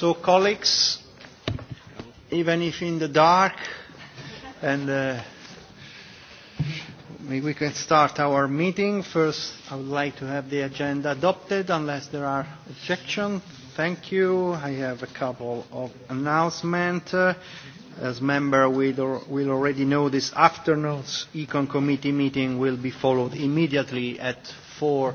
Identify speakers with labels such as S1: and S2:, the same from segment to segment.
S1: So, colleagues, even if in the dark, and uh, maybe we can start our meeting. First, I would like to have the agenda adopted unless there are objections. Thank you. I have a couple of announcements. Uh, as member, we'll already know this afternoon's Econ Committee meeting will be followed immediately at 4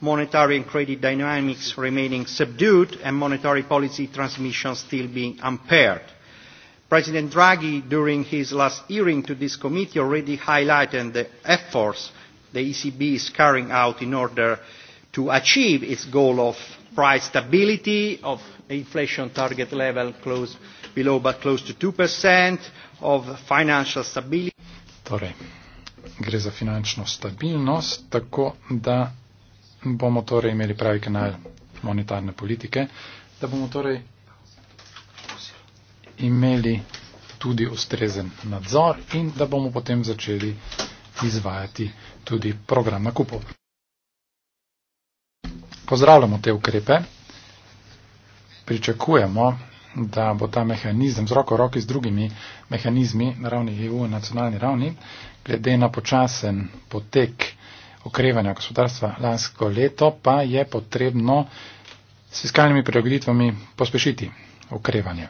S1: monetary and credit dynamics remaining subdued and monetary policy transmission still being impaired. President Draghi, during his last hearing to this committee, already highlighted the efforts the ECB is carrying out in order to achieve its goal of price stability, of inflation target level close below but close to 2%, of financial stability.
S2: Torej, gre za finančno stabilnost, tako da bomo torej imeli pravi kanal monetarne politike, da bomo torej imeli tudi ustrezen nadzor in da bomo potem začeli izvajati tudi program nakupov. Pozdravljamo te ukrepe. Pričakujemo, da bo ta mehanizem z roko roki z drugimi mehanizmi na ravni EU in nacionalni ravni, glede na počasen potek okrevanja gospodarstva lansko leto, pa je potrebno s fiskalnimi preogreditvami pospešiti okrevanje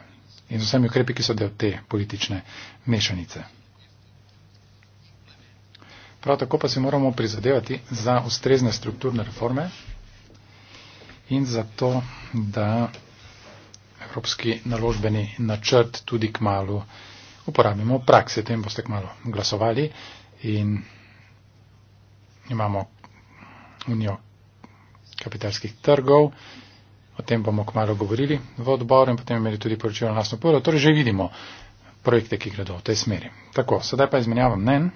S2: in z vsemi ukrepi, ki so del te politične mešanice. Prav tako pa si moramo prizadevati za ustrezne strukturne reforme in za to, da Evropski naložbeni načrt tudi k malu uporabimo v praksi. O tem boste k malu glasovali in imamo unijo kapitalskih trgov, o tem bomo kmalo govorili v odboru in potem imeli tudi poročilo na nasno polo. Torej že vidimo projekte, ki gredo v tej smeri. Tako, sedaj pa izmenjavam mnen.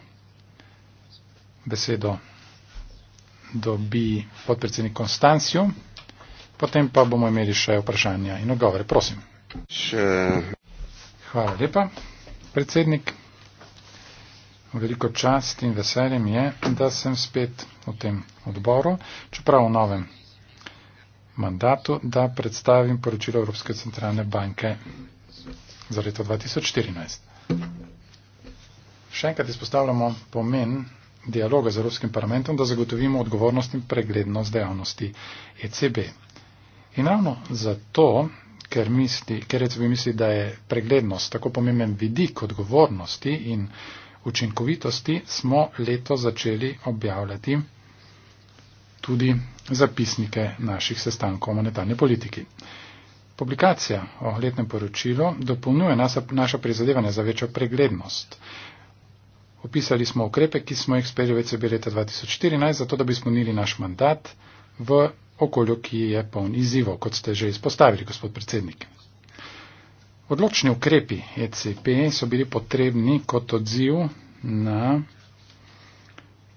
S2: Besedo dobi podpredsednik Konstancijo, potem pa bomo imeli še vprašanja in odgovore. Prosim. Hvala lepa, predsednik. Veliko čast in veseljem je, da sem spet v tem odboru, čeprav v novem mandatu, da predstavim poročilo Evropske centralne banke za leto 2014. Še enkrat izpostavljamo pomen dialoga z Evropskim parlamentom, da zagotovimo odgovornost in preglednost dejavnosti ECB. In ravno zato, ker, misli, ker ECB misli, da je preglednost tako pomemben vidik odgovornosti in preglednosti, učinkovitosti smo leto začeli objavljati tudi zapisnike naših sestankov o monetarni politiki. Publikacija o letnem poročilu dopolnjuje nasa, naša prizadevanja za večjo preglednost. Opisali smo ukrepe, ki smo jih sprejeli v ECB leta 2014, zato da bi spomnili naš mandat v okolju, ki je poln izzivov, kot ste že izpostavili, gospod predsednik. Odločni ukrepi ECP so bili potrebni kot odziv na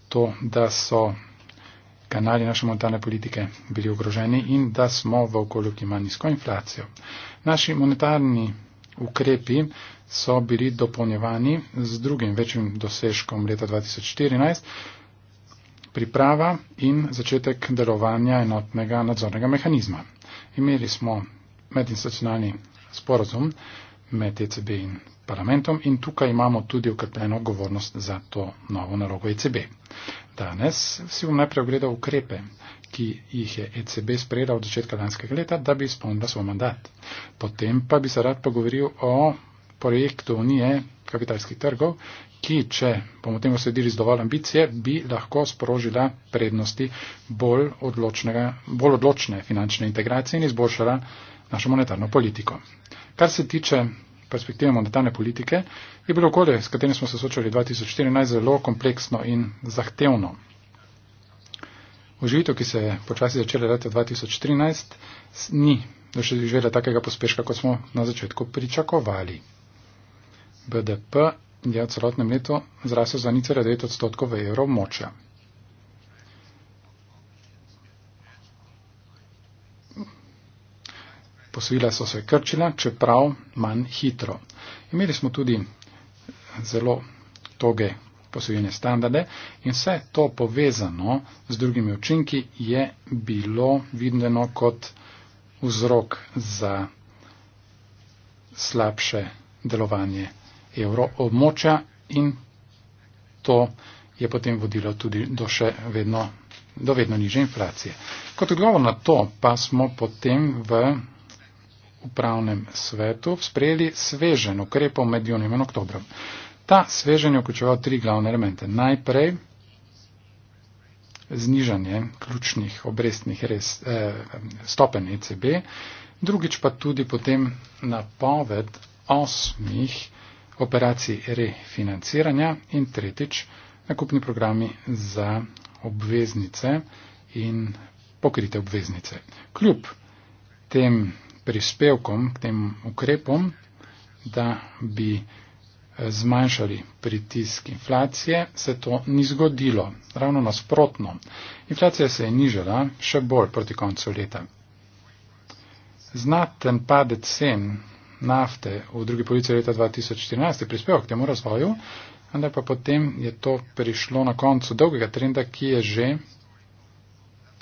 S2: to, da so kanali naše monetarne politike bili ogroženi in da smo v okolju, ki ima nizko inflacijo. Naši monetarni ukrepi so bili dopolnjevani z drugim večjim dosežkom leta 2014, priprava in začetek delovanja enotnega nadzornega mehanizma. Imeli smo medinstitucionalni sporozum med ECB in parlamentom in tukaj imamo tudi ukrepljeno odgovornost za to novo narogo ECB. Danes si bom najprej ogledal ukrepe, ki jih je ECB sprejela od začetka lanskega leta, da bi izpolnila svoj mandat. Potem pa bi se rad pogovoril o projektu Unije kapitalskih trgov, ki, če bomo temu sledili z dovolj ambicije, bi lahko sprožila prednosti bolj, bolj odločne finančne integracije in izboljšala našo monetarno politiko. Kar se tiče perspektive monetarne politike, je bilo okolje, s katerim smo se soočali 2014, zelo kompleksno in zahtevno. Oživitev, ki se je počasi začela leta 2013, ni doživela takega pospeška, kot smo na začetku pričakovali. BDP je v celotnem letu zrasel za 0,9 odstotkov v evrov močja. posvila so se krčila, čeprav manj hitro. Imeli smo tudi zelo toge posojene standarde in vse to povezano z drugimi učinki je bilo videno kot vzrok za slabše delovanje evro območja in to je potem vodilo tudi do še vedno, do vedno niže inflacije. Kot odgovor na to pa smo potem v upravnem svetu sprejeli svežen ukrepov med junijem in oktobrom. Ta svežen je vključeval tri glavne elemente. Najprej znižanje ključnih obrestnih res, eh, stopen ECB, drugič pa tudi potem napoved osmih operacij refinanciranja in tretjič nakupni programi za obveznice in pokrite obveznice. Kljub tem prispevkom k tem ukrepom, da bi eh, zmanjšali pritisk inflacije, se to ni zgodilo. Ravno nasprotno. Inflacija se je nižala še bolj proti koncu leta. Znaten padec cen nafte v drugi polovici leta 2014 je prispeval k temu razvoju, vendar pa potem je to prišlo na koncu dolgega trenda, ki je že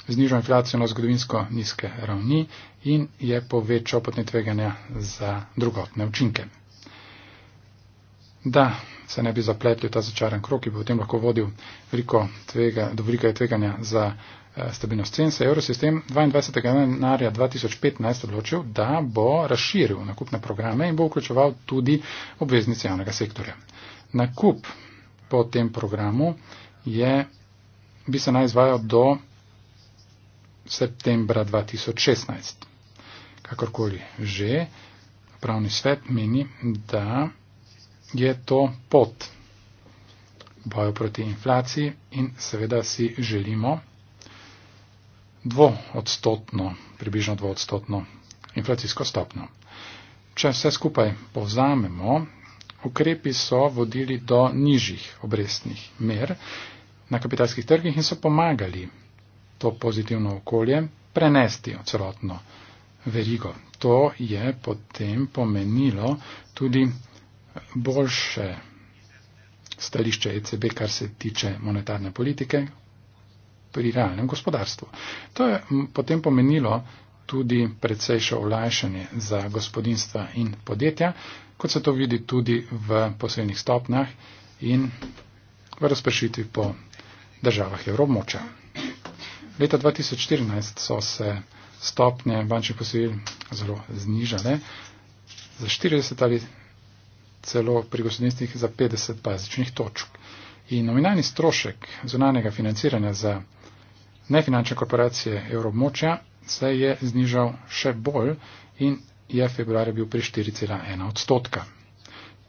S2: znižal inflacijo na zgodovinsko nizke ravni in je povečal potem tveganja za drugotne učinke. Da se ne bi zapletli ta začaran krok, ki bi potem lahko vodil veliko tvega, do velika tveganja za eh, stabilnost cen, se je Eurosistem 22. januarja 2015 odločil, da bo razširil nakupne programe in bo vključeval tudi obveznice javnega sektorja. Nakup po tem programu je, bi se naj izvajal do septembra 2016. Kakorkoli že, pravni svet meni, da je to pot boju proti inflaciji in seveda si želimo dvoodstotno, približno dvoodstotno inflacijsko stopno. Če vse skupaj povzamemo, ukrepi so vodili do nižjih obrestnih mer na kapitalskih trgih in so pomagali to pozitivno okolje prenesti v celotno verigo. To je potem pomenilo tudi boljše stališče ECB, kar se tiče monetarne politike pri realnem gospodarstvu. To je potem pomenilo tudi precejšo olajšanje za gospodinstva in podjetja, kot se to vidi tudi v posebnih stopnjah in v razpršitvi po državah Evropmoča leta 2014 so se stopnje bančnih posojil zelo znižale za 40 ali celo pri gospodinstvih za 50 bazičnih točk. In nominalni strošek zunanjega financiranja za nefinančne korporacije evrobmočja se je znižal še bolj in je februarja bil pri 4,1 odstotka.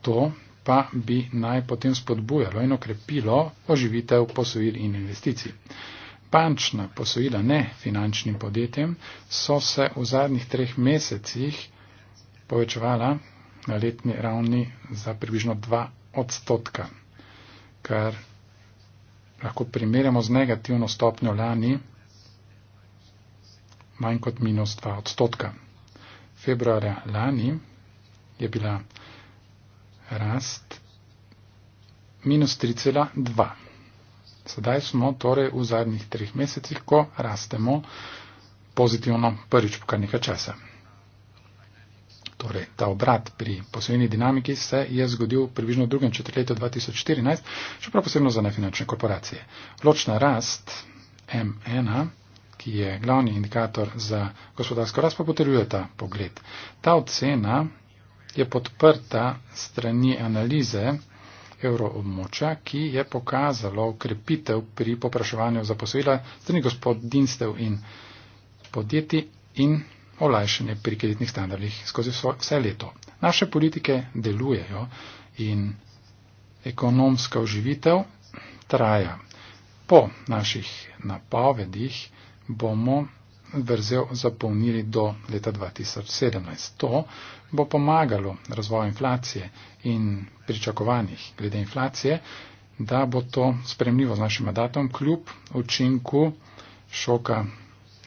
S2: To pa bi naj potem spodbujalo in okrepilo oživitev posojil in investicij bančna posojila, ne finančnim podjetjem, so se v zadnjih treh mesecih povečevala na letni ravni za približno 2 odstotka, kar lahko primerjamo z negativno stopnjo lani, manj kot minus 2 odstotka. Februarja lani je bila rast minus 3,2. Sedaj smo torej v zadnjih treh mesecih, ko rastemo pozitivno prvič po kar nekaj časa. Torej, ta obrat pri posojeni dinamiki se je zgodil približno v drugem četrtletju 2014, čeprav posebno za nefinančne korporacije. Ločna rast M1, ki je glavni indikator za gospodarsko rast, pa potrjuje ta pogled. Ta ocena je podprta strani analize evroobmoča, ki je pokazalo ukrepitev pri popraševanju za posojila strani gospodinstev in podjetij in olajšanje pri kreditnih standardih skozi vse leto. Naše politike delujejo in ekonomska oživitev traja. Po naših napovedih bomo vrzel zapolnili do leta 2017. To bo pomagalo razvoju inflacije in pričakovanjih glede inflacije, da bo to spremljivo z našim mandatom kljub učinku šoka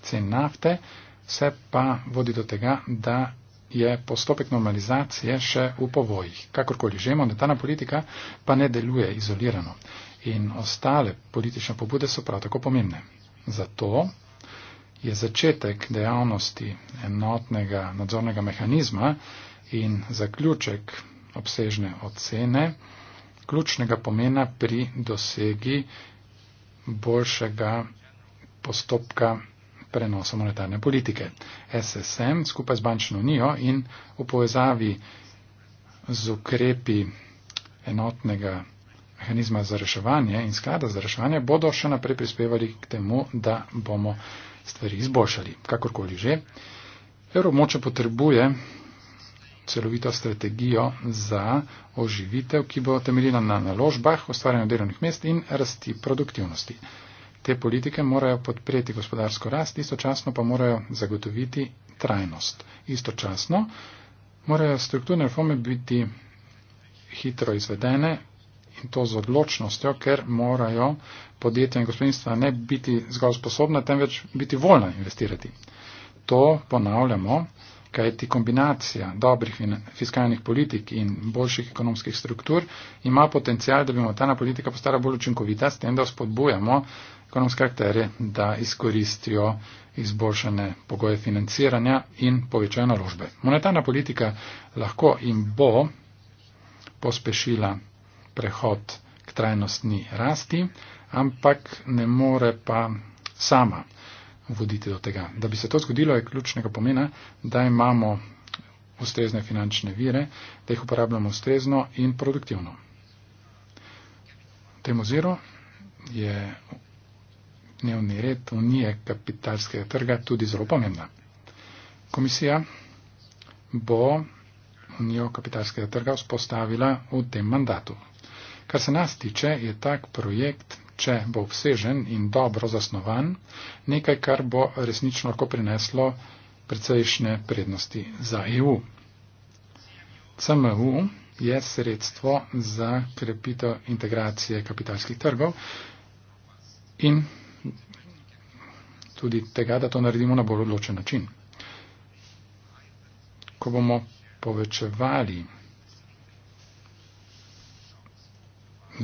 S2: cen nafte, vse pa vodi do tega, da je postopek normalizacije še v povojih. Kakorkoli že, monetarna politika pa ne deluje izolirano. In ostale politične pobude so prav tako pomembne. Zato je začetek dejavnosti enotnega nadzornega mehanizma in zaključek obsežne ocene ključnega pomena pri dosegi boljšega postopka prenosa monetarne politike. SSM skupaj z bančno unijo in v povezavi z ukrepi enotnega mehanizma za reševanje in sklada za reševanje bodo še naprej prispevali k temu, da bomo stvari izboljšali. Kakorkoli že, evromoče potrebuje celovito strategijo za oživitev, ki bo temeljila na naložbah, ustvarjanju delovnih mest in rasti produktivnosti. Te politike morajo podpreti gospodarsko rast, istočasno pa morajo zagotoviti trajnost. Istočasno morajo strukturne reforme biti hitro izvedene, in to z odločnostjo, ker morajo podjetja in gospodinstva ne biti zgolj sposobna, temveč biti voljna investirati. To ponavljamo, kajti kombinacija dobrih fiskalnih politik in boljših ekonomskih struktur ima potencial, da bi monetarna politika postala bolj učinkovita, s tem, da spodbujamo ekonomske akterje, da izkoristijo izboljšane pogoje financiranja in povečajo naložbe. Monetarna politika lahko in bo pospešila prehod k trajnostni rasti, ampak ne more pa sama voditi do tega. Da bi se to zgodilo, je ključnega pomena, da imamo ustrezne finančne vire, da jih uporabljamo ustrezno in produktivno. Temu zero je dnevni red unije kapitalskega trga tudi zelo pomembna. Komisija bo unijo kapitalskega trga vzpostavila v tem mandatu, Kar se nas tiče, je tak projekt, če bo obsežen in dobro zasnovan, nekaj, kar bo resnično lahko prineslo precejšnje prednosti za EU. CMU je sredstvo za krepitev integracije kapitalskih trgov in tudi tega, da to naredimo na bolj odločen način. Ko bomo povečevali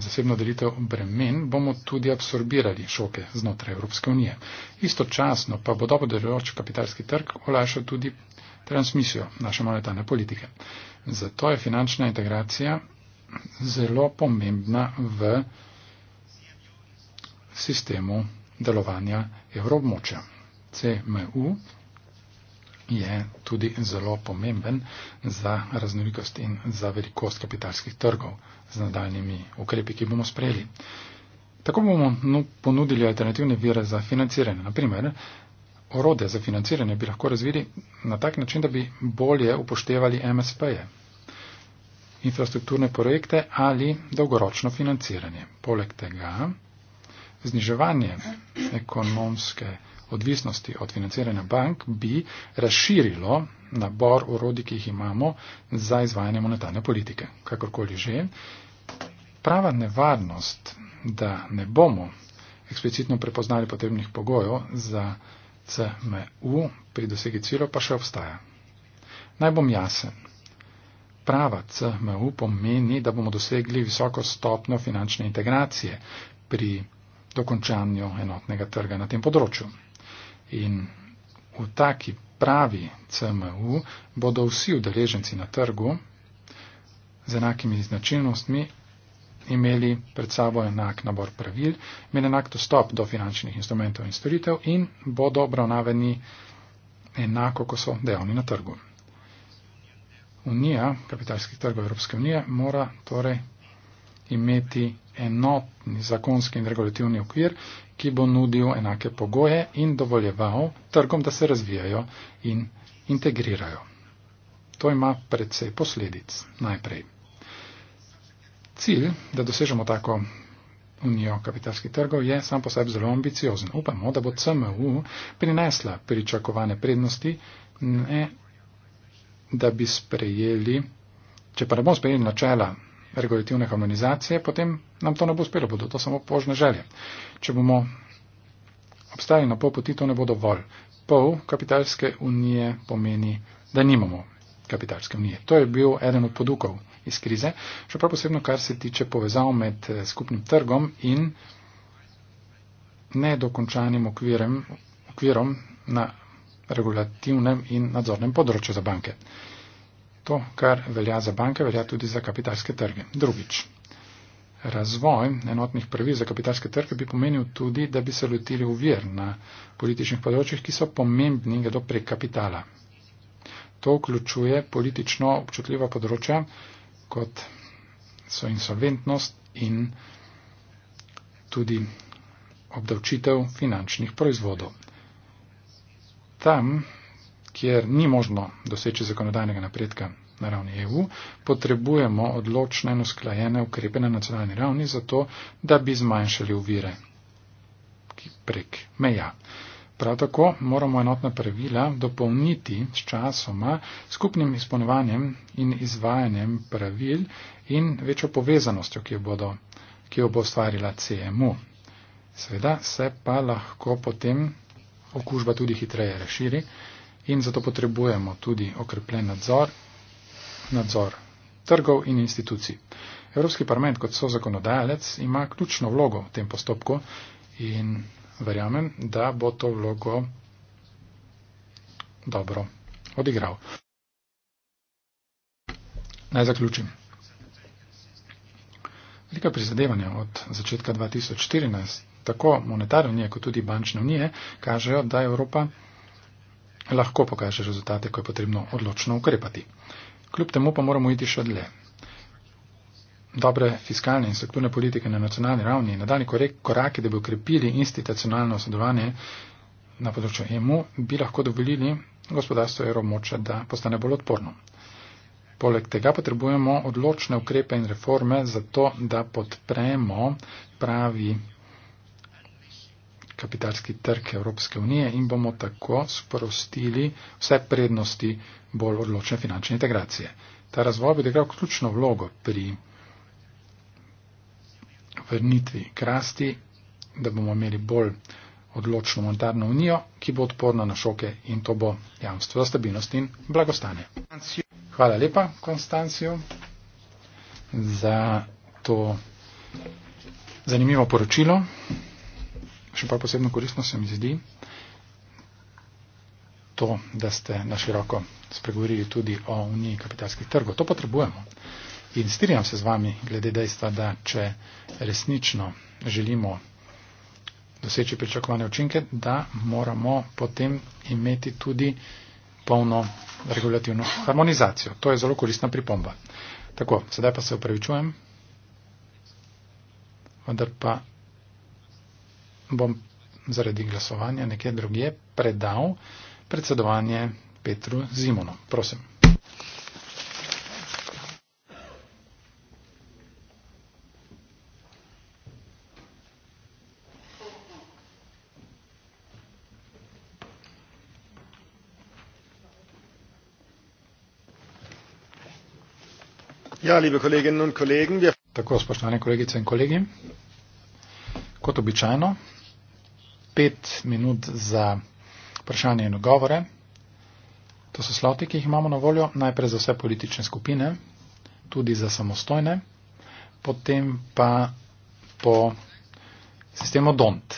S2: zasebno delitev bremen, bomo tudi absorbirali šoke znotraj Evropske unije. Istočasno pa bo dobro delujoč kapitalski trg olajšal tudi transmisijo naše monetarne politike. Zato je finančna integracija zelo pomembna v sistemu delovanja evrobmoča. CMU je tudi zelo pomemben za raznolikost in za velikost kapitalskih trgov z nadaljnimi ukrepi, ki bomo sprejeli. Tako bomo ponudili alternativne vire za financiranje. Naprimer, orode za financiranje bi lahko razvili na tak način, da bi bolje upoštevali MSP-je, infrastrukturne projekte ali dolgoročno financiranje. Poleg tega, zniževanje ekonomske odvisnosti od financiranja bank bi razširilo nabor urodi, ki jih imamo za izvajanje monetarne politike. Kakorkoli že, prava nevarnost, da ne bomo eksplicitno prepoznali potrebnih pogojev za CMU pri dosegi ciljev, pa še obstaja. Naj bom jasen. Prava CMU pomeni, da bomo dosegli visoko stopno finančne integracije pri dokončanju enotnega trga na tem področju. In v taki pravi CMU bodo vsi udeleženci na trgu z enakimi značilnostmi imeli pred sabo enak nabor pravil, imeli enak dostop do finančnih instrumentov in storitev in bodo obravnaveni enako, ko so dejavni na trgu. Unija, kapitalski trg Evropske unije, mora torej imeti enotni zakonski in regulativni okvir, ki bo nudil enake pogoje in dovoljeval trgom, da se razvijajo in integrirajo. To ima predvsej posledic najprej. Cilj, da dosežemo tako unijo kapitalskih trgov, je sam po sebi zelo ambiciozen. Upamo, da bo CMU prinesla pričakovane prednosti, ne da bi sprejeli, če pa ne bomo sprejeli načela regulativne harmonizacije, potem nam to ne bo uspelo, bodo to samo požne želje. Če bomo obstali na pol poti, to ne bo dovolj. Pol kapitalske unije pomeni, da nimamo kapitalske unije. To je bil eden od podukov iz krize, še prav posebno, kar se tiče povezav med eh, skupnim trgom in nedokončanim okvirem, okvirom na regulativnem in nadzornem področju za banke. To, kar velja za banke, velja tudi za kapitalske trge. Drugič, razvoj enotnih pravil za kapitalske trge bi pomenil tudi, da bi se lotili uvir na političnih področjih, ki so pomembni gledo prek kapitala. To vključuje politično občutljiva področja, kot so insolventnost in tudi obdavčitev finančnih proizvodov. Tam kjer ni možno doseči zakonodajnega napredka na ravni EU, potrebujemo odločne in usklajene ukrepe na nacionalni ravni za to, da bi zmanjšali uvire prek meja. Prav tako moramo enotna pravila dopolniti s časoma skupnim izpolnjevanjem in izvajanjem pravil in večjo povezanostjo, ki jo, bodo, ki jo bo ustvarila CMU. Seveda se pa lahko potem okužba tudi hitreje razširi in zato potrebujemo tudi okrepljen nadzor, nadzor trgov in institucij. Evropski parlament kot so zakonodajalec ima ključno vlogo v tem postopku in verjamem, da bo to vlogo dobro odigral. Naj zaključim. Velika prizadevanja od začetka 2014, tako monetarne unije kot tudi bančne unije, kažejo, da Evropa lahko pokaže rezultate, ko je potrebno odločno ukrepati. Kljub temu pa moramo iti še dlje. Dobre fiskalne in strukturne politike na nacionalni ravni in nadaljni koraki, da bi ukrepili institucionalno sodelovanje na področju EMU, bi lahko dovolili gospodarstvo evromoča, da postane bolj odporno. Poleg tega potrebujemo odločne ukrepe in reforme za to, da podpremo pravi kapitalski trg Evropske unije in bomo tako sprostili vse prednosti bolj odločne finančne integracije. Ta razvoj bi igral ključno vlogo pri vrnitvi k rasti, da bomo imeli bolj odločno monetarno unijo, ki bo odporna na šoke in to bo jamstvo za stabilnost in blagostanje. Hvala lepa, Konstancijo, za to zanimivo poročilo še pa posebno koristno se mi zdi to, da ste na široko spregovorili tudi o uniji kapitalskih trgov. To potrebujemo. In strijam se z vami glede dejstva, da če resnično želimo doseči pričakovane učinke, da moramo potem imeti tudi polno regulativno harmonizacijo. To je zelo koristna pripomba. Tako, sedaj pa se upravičujem, vendar pa bom zaradi glasovanja nekje drugje predal predsedovanje Petru Zimonu. Prosim. Ja, liebe Kolleginnen und Kollegen, wir Tako, spoštovane kolegice in kolegi, kot običajno pet minut za vprašanje in odgovore. To so sloti, ki jih imamo na voljo, najprej za vse politične skupine, tudi za samostojne, potem pa po sistemu DONT.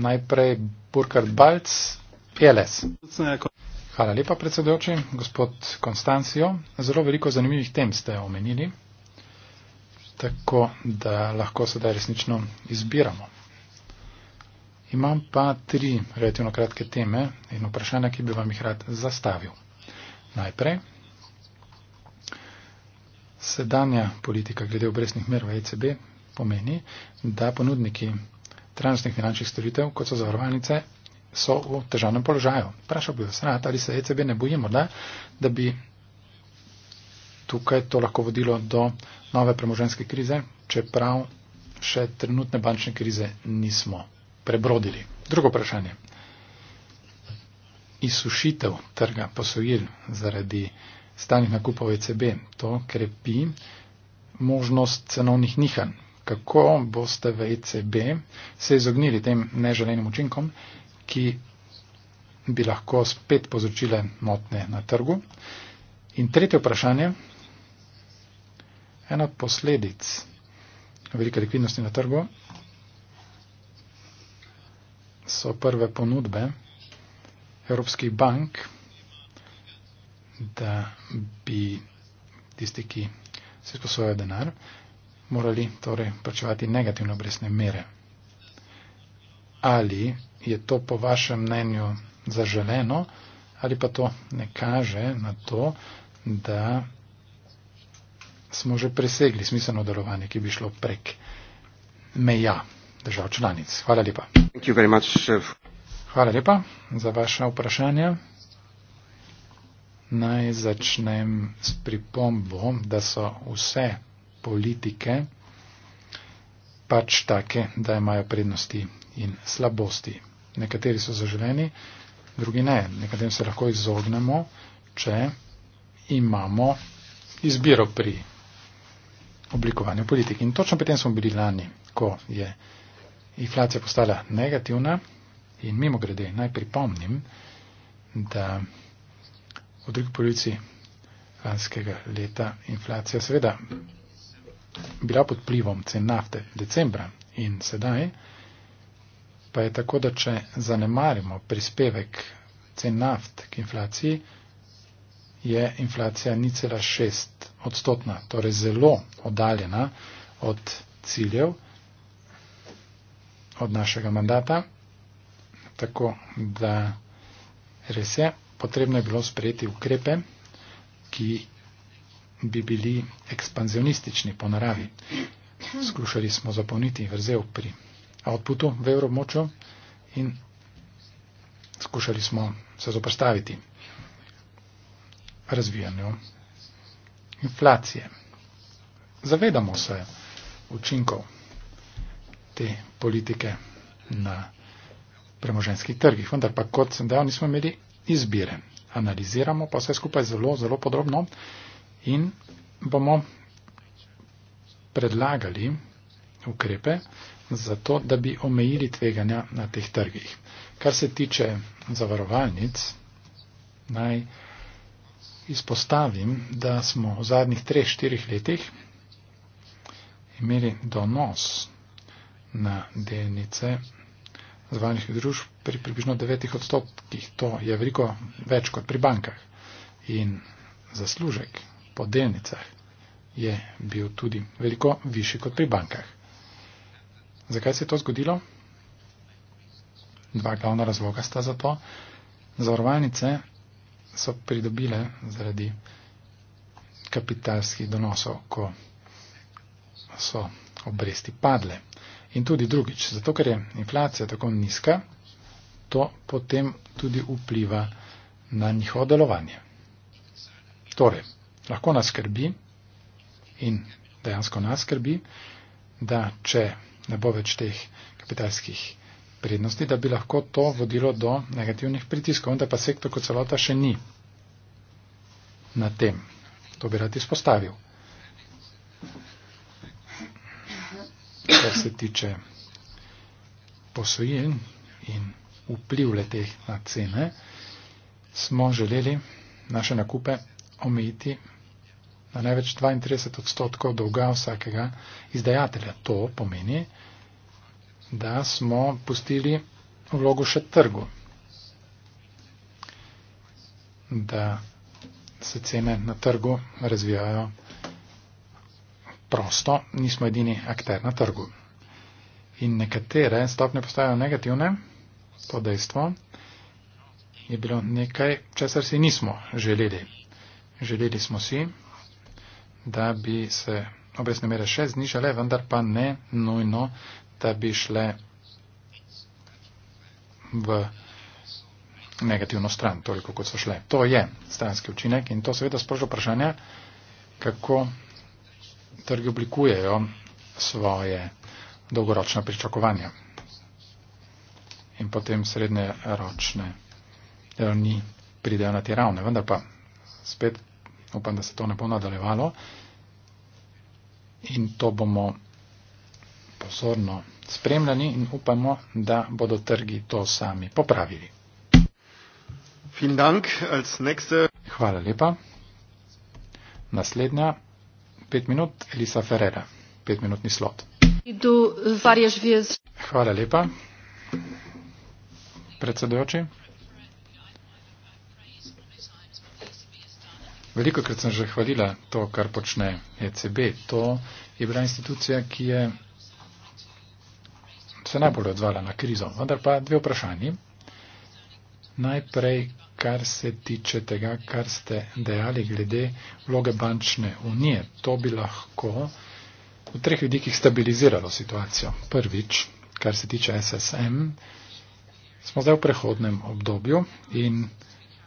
S2: Najprej Burkhard Balc, PLS. Hvala lepa, predsedujoči, gospod Konstancijo. Zelo veliko zanimivih tem ste omenili, tako da lahko sedaj resnično izbiramo. Imam pa tri relativno kratke teme in vprašanja, ki bi vam jih rad zastavil. Najprej, sedanja politika glede obresnih mer v ECB pomeni, da ponudniki trenutnih finančnih storitev, kot so zavarovalnice, so v težavnem položaju. Prašal bi vas rad, ali se ECB ne bojimo, da, da bi tukaj to lahko vodilo do nove premoženske krize, čeprav še trenutne bančne krize nismo prebrodili. Drugo vprašanje. Izsušitev trga posojil zaradi stanih nakupov ECB, to krepi možnost cenovnih nihanj. Kako boste v ECB se izognili tem neželenim učinkom, ki bi lahko spet povzročile motne na trgu? In tretje vprašanje. Ena od posledic velike likvidnosti na trgu so prve ponudbe Evropskih bank, da bi tisti, ki se sposojajo denar, morali torej plačevati negativne obresne mere. Ali je to po vašem mnenju zaželeno, ali pa to ne kaže na to, da smo že presegli smiselno delovanje, ki bi šlo prek meja držav članic. Hvala lepa.
S1: Thank you very much, chef. Uh,
S2: Hvala lepa za vaše vprašanje. Naj začnem s pripombo, da so vse politike pač take, da imajo prednosti in slabosti. Nekateri so zaželeni, drugi ne. Nekaterim se lahko izognemo, če imamo izbiro pri oblikovanju politik. In točno pri tem smo bili lani, ko je inflacija postala negativna in mimo grede naj pripomnim, da v drugi polici lanskega leta inflacija seveda bila pod plivom cen nafte decembra in sedaj pa je tako, da če zanemarimo prispevek cen naft k inflaciji, je inflacija ni cela šest odstotna, torej zelo oddaljena od ciljev, od našega mandata. Tako da res je, potrebno je bilo sprejeti ukrepe, ki bi bili ekspanzionistični po naravi. Skušali smo zapolniti vrzel pri outputu v evromočo in skušali smo se zoprstaviti razvijanju inflacije. Zavedamo se učinkov te politike na premoženskih trgih. Vendar pa, kot sem dejal, nismo imeli izbire. Analiziramo pa vse skupaj zelo, zelo podrobno in bomo predlagali ukrepe za to, da bi omejili tveganja na teh trgih. Kar se tiče zavarovalnic, naj izpostavim, da smo v zadnjih treh, štirih letih imeli donos na delnice zvanih družb pri približno devetih odstotkih. To je veliko več kot pri bankah. In zaslužek po delnicah je bil tudi veliko višji kot pri bankah. Zakaj se je to zgodilo? Dva glavna razloga sta za to. Zavarovalnice so pridobile zaradi kapitalskih donosov, ko so obresti padle. In tudi drugič, zato ker je inflacija tako nizka, to potem tudi vpliva na njihovo delovanje. Torej, lahko nas skrbi in dejansko nas skrbi, da če ne bo več teh kapitalskih prednosti, da bi lahko to vodilo do negativnih pritiskov, vendar pa sektor kot celota še ni na tem. To bi rad izpostavil. kar se tiče posojil in vpliv leteh na cene, smo želeli naše nakupe omejiti na največ 32 odstotkov dolga vsakega izdajatelja. To pomeni, da smo pustili vlogo še trgu, da se cene na trgu razvijajo prosto, nismo edini akter na trgu. In nekatere stopne postajajo negativne, to dejstvo je bilo nekaj, česar si nismo želeli. Želeli smo si, da bi se obresne mere še znižale, vendar pa ne nujno, da bi šle v negativno stran, toliko kot so šle. To je stranski učinek in to seveda sproža vprašanje, kako trgi oblikujejo svoje dolgoročne pričakovanja in potem srednje ročne ravni pridejo na te ravne. Vendar pa spet upam, da se to ne bo nadaljevalo in to bomo pozorno spremljani in upamo, da bodo trgi to sami popravili. Hvala lepa. Naslednja 5 minut, Elisa Ferreira, 5-minutni slot. Hvala lepa. Predsedujoči. Veliko krat sem že hvalila to, kar počne ECB. To je bila institucija, ki je se najbolj odzvala na krizo. Vendar pa dve vprašanji. Najprej, kar se tiče tega, kar ste dejali glede vloge bančne unije. To bi lahko v treh vidikih stabiliziralo situacijo. Prvič, kar se tiče SSM, smo zdaj v prehodnem obdobju in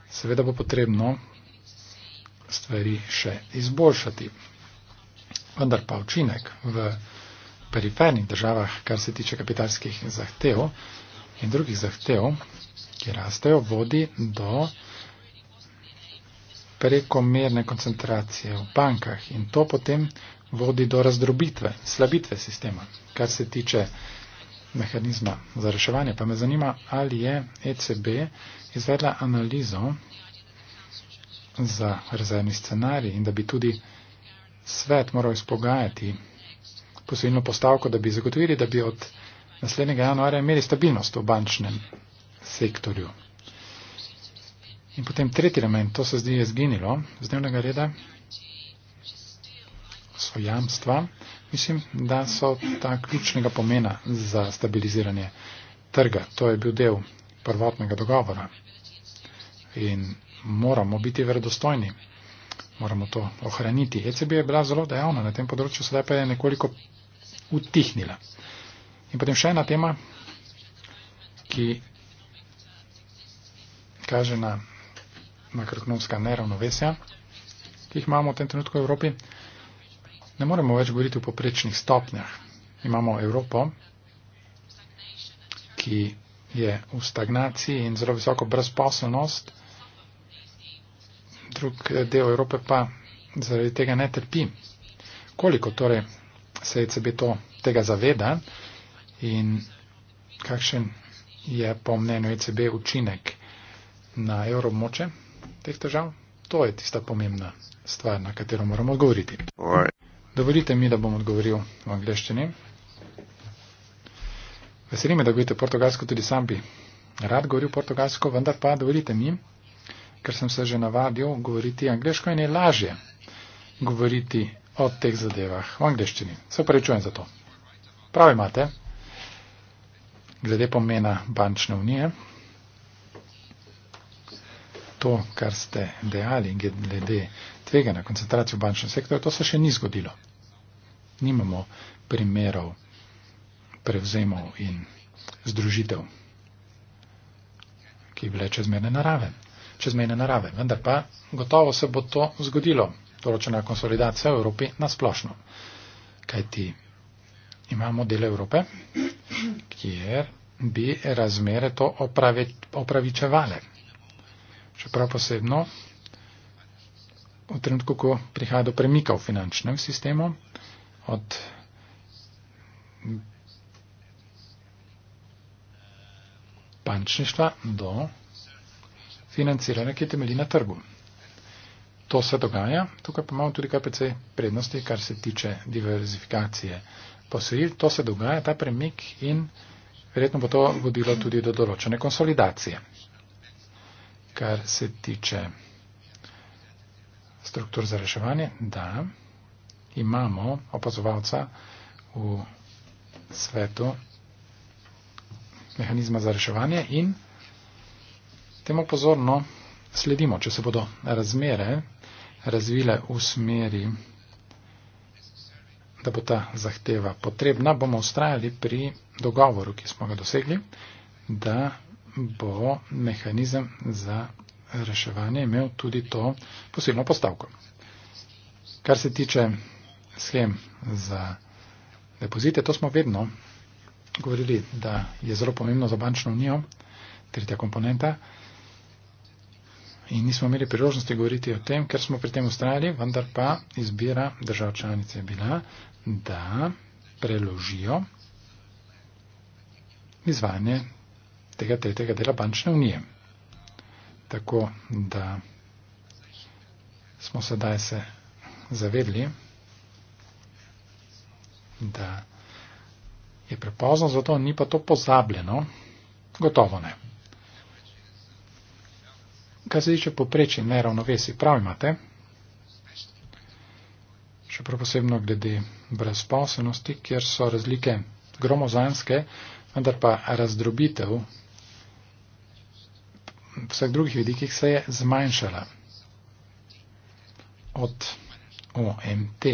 S2: seveda bo potrebno stvari še izboljšati. Vendar pa učinek v perifernih državah, kar se tiče kapitalskih zahtev, in drugih zahtev, ki rastejo, vodi do prekomerne koncentracije v bankah in to potem vodi do razdrobitve, slabitve sistema. Kar se tiče mehanizma za reševanje, pa me zanima, ali je ECB izvedla analizo za rezervni scenarij in da bi tudi svet moral izpogajati posebno postavko, da bi zagotovili, da bi od naslednjega januarja imeli stabilnost v bančnem sektorju. In potem tretji element, to se zdi je zginilo z dnevnega reda, so jamstva. Mislim, da so ta ključnega pomena za stabiliziranje trga. To je bil del prvotnega dogovora. In moramo biti verodostojni, moramo to ohraniti. ECB je bila zelo dejavna na tem področju, sedaj pa je nekoliko utihnila. In potem še ena tema, ki kaže na makroekonomska neravnovesja, ki jih imamo v tem trenutku v Evropi. Ne moremo več govoriti o poprečnih stopnjah. Imamo Evropo, ki je v stagnaciji in zelo visoko brezposelnost, drug del Evrope pa zaradi tega ne trpi. Koliko torej se ECB to tega zaveda, in kakšen je po mnenju ECB učinek na evromoče teh težav. To je tista pomembna stvar, na katero moramo odgovoriti. Dovolite mi, da bom odgovoril v angleščini. Veseli me, da govorite portugalsko, tudi sam bi rad govoril portugalsko, vendar pa dovolite mi, ker sem se že navadil govoriti angliško in je lažje govoriti o teh zadevah v angliščini. Se upravičujem za to. Prav imate glede pomena bančne unije. To, kar ste dejali glede tvega na koncentracijo bančne sektorja, to se še ni zgodilo. Nimamo primerov prevzemov in združitev, ki bi bile čezmene narave. Čezmene narave. Vendar pa gotovo se bo to zgodilo, določena konsolidacija v Evropi nasplošno. Kajti ima model Evrope, kjer bi razmere to opravičevale. Čeprav posebno v trenutku, ko prihaja do premika v finančnem sistemu, od pančništva do financiranja, ki temelji na trgu. To se dogaja, tukaj pa imamo tudi kar precej prednosti, kar se tiče diverzifikacije eh, posojil, to se dogaja, ta premik in verjetno bo to vodilo tudi do določene konsolidacije. Kar se tiče struktur za reševanje, da imamo opazovalca v svetu mehanizma za reševanje in temu pozorno sledimo, če se bodo razmere razvile v smeri da bo ta zahteva potrebna, bomo ustrajali pri dogovoru, ki smo ga dosegli, da bo mehanizem za reševanje imel tudi to posebno postavko. Kar se tiče schem za depozite, to smo vedno govorili, da je zelo pomembno za bančno unijo, tretja komponenta. In nismo imeli priložnosti govoriti o tem, ker smo pri tem ustrajali, vendar pa izbira držav članice je bila, da preložijo izvajanje tega tretjega dela bančne unije. Tako da smo sedaj se zavedli, da je prepozno, zato ni pa to pozabljeno, gotovo ne. Kar se tiče poprečje neravnovesi, prav imate čeprav posebno glede brezposobnosti, kjer so razlike gromozanske, vendar pa razdrobitev vseh drugih vidikih se je zmanjšala od OMT.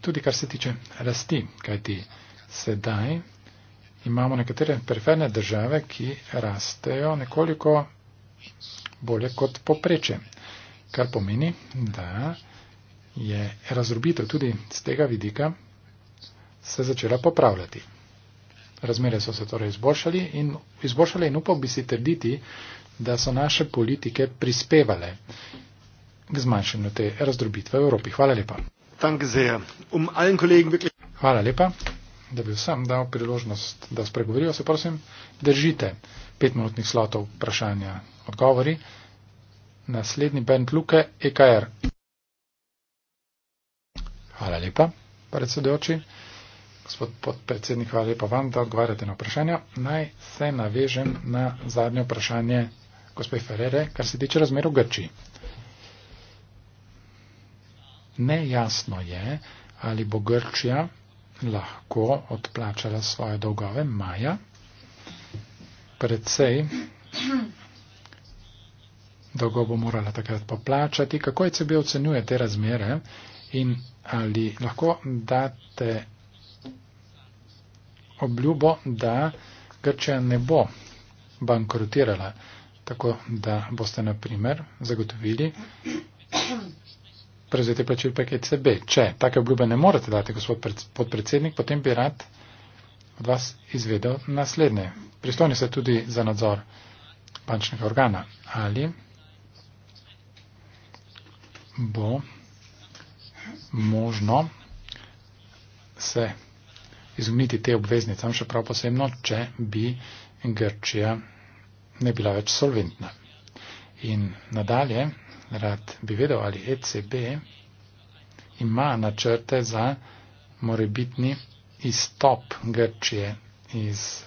S2: Tudi kar se tiče rasti, kajti sedaj imamo nekatere periferne države, ki rastejo nekoliko bolje kot poprečje kar pomeni, da je razrobitev tudi z tega vidika se začela popravljati. Razmere so se torej izboljšali in, izboljšali in upal bi si trditi, da so naše politike prispevale k zmanjšanju te razdrobitve v Evropi. Hvala lepa. Um wirklich... Hvala lepa, da bi vsem dal priložnost, da spregovorijo. Se prosim, držite petminutnih slotov vprašanja odgovori. Naslednji bend Luke, EKR. Hvala lepa, predsedujoči. Gospod podpredsednik, hvala lepa vam, da odgovarjate na vprašanja. Naj se navežem na zadnje vprašanje gospe Ferrere, kar se tiče razmer v Grčiji. Nejasno je, ali bo Grčija lahko odplačala svoje dolgove maja, predvsej dolgo bo morala takrat poplačati. Kako ECB ocenjuje te razmere in ali lahko date obljubo, da Grčija ne bo bankrotirala, tako da boste na primer zagotovili prevzeti plačil prek ECB. Če take obljube ne morete dati, gospod podpredsednik, potem bi rad od vas izvedel naslednje. Pristojni se tudi za nadzor bančnega organa. Ali bo možno se izogniti te obveznicam, še prav posebno, če bi Grčija ne bila več solventna. In nadalje, rad bi vedel, ali ECB ima načrte za morebitni izstop Grčije iz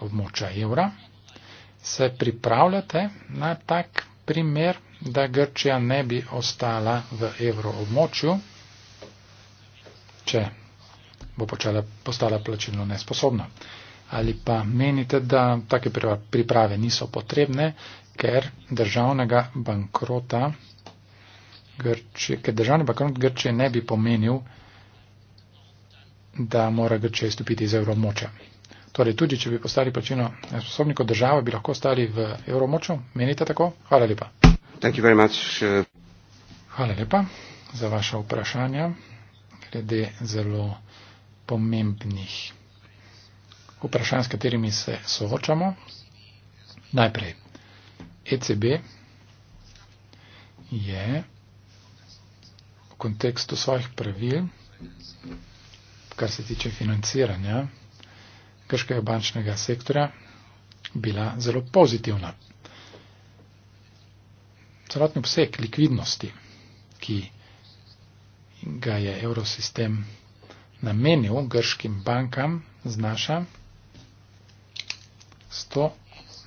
S2: območja evra. Se pripravljate na tak primer? da Grčija ne bi ostala v evroobmočju, če bo počala, postala plačilno nesposobna. Ali pa menite, da take priprave niso potrebne, ker državnega bankrota Grčije, ker državni bankrot Grčije ne bi pomenil, da mora Grčija izstopiti iz evroobmočja. Torej, tudi če bi postali plačilno nesposobni kot država, bi lahko ostali v evroobmočju? Menite tako? Hvala lepa. Thank you very much. Uh, Hvala lepa za vaše vprašanja glede zelo pomembnih vprašanj, s katerimi se soočamo. Najprej, ECB je v kontekstu svojih pravil, kar se tiče financiranja grškega bančnega sektora, bila zelo pozitivna celotni obseg likvidnosti, ki ga je evrosistem namenil grškim bankam, znaša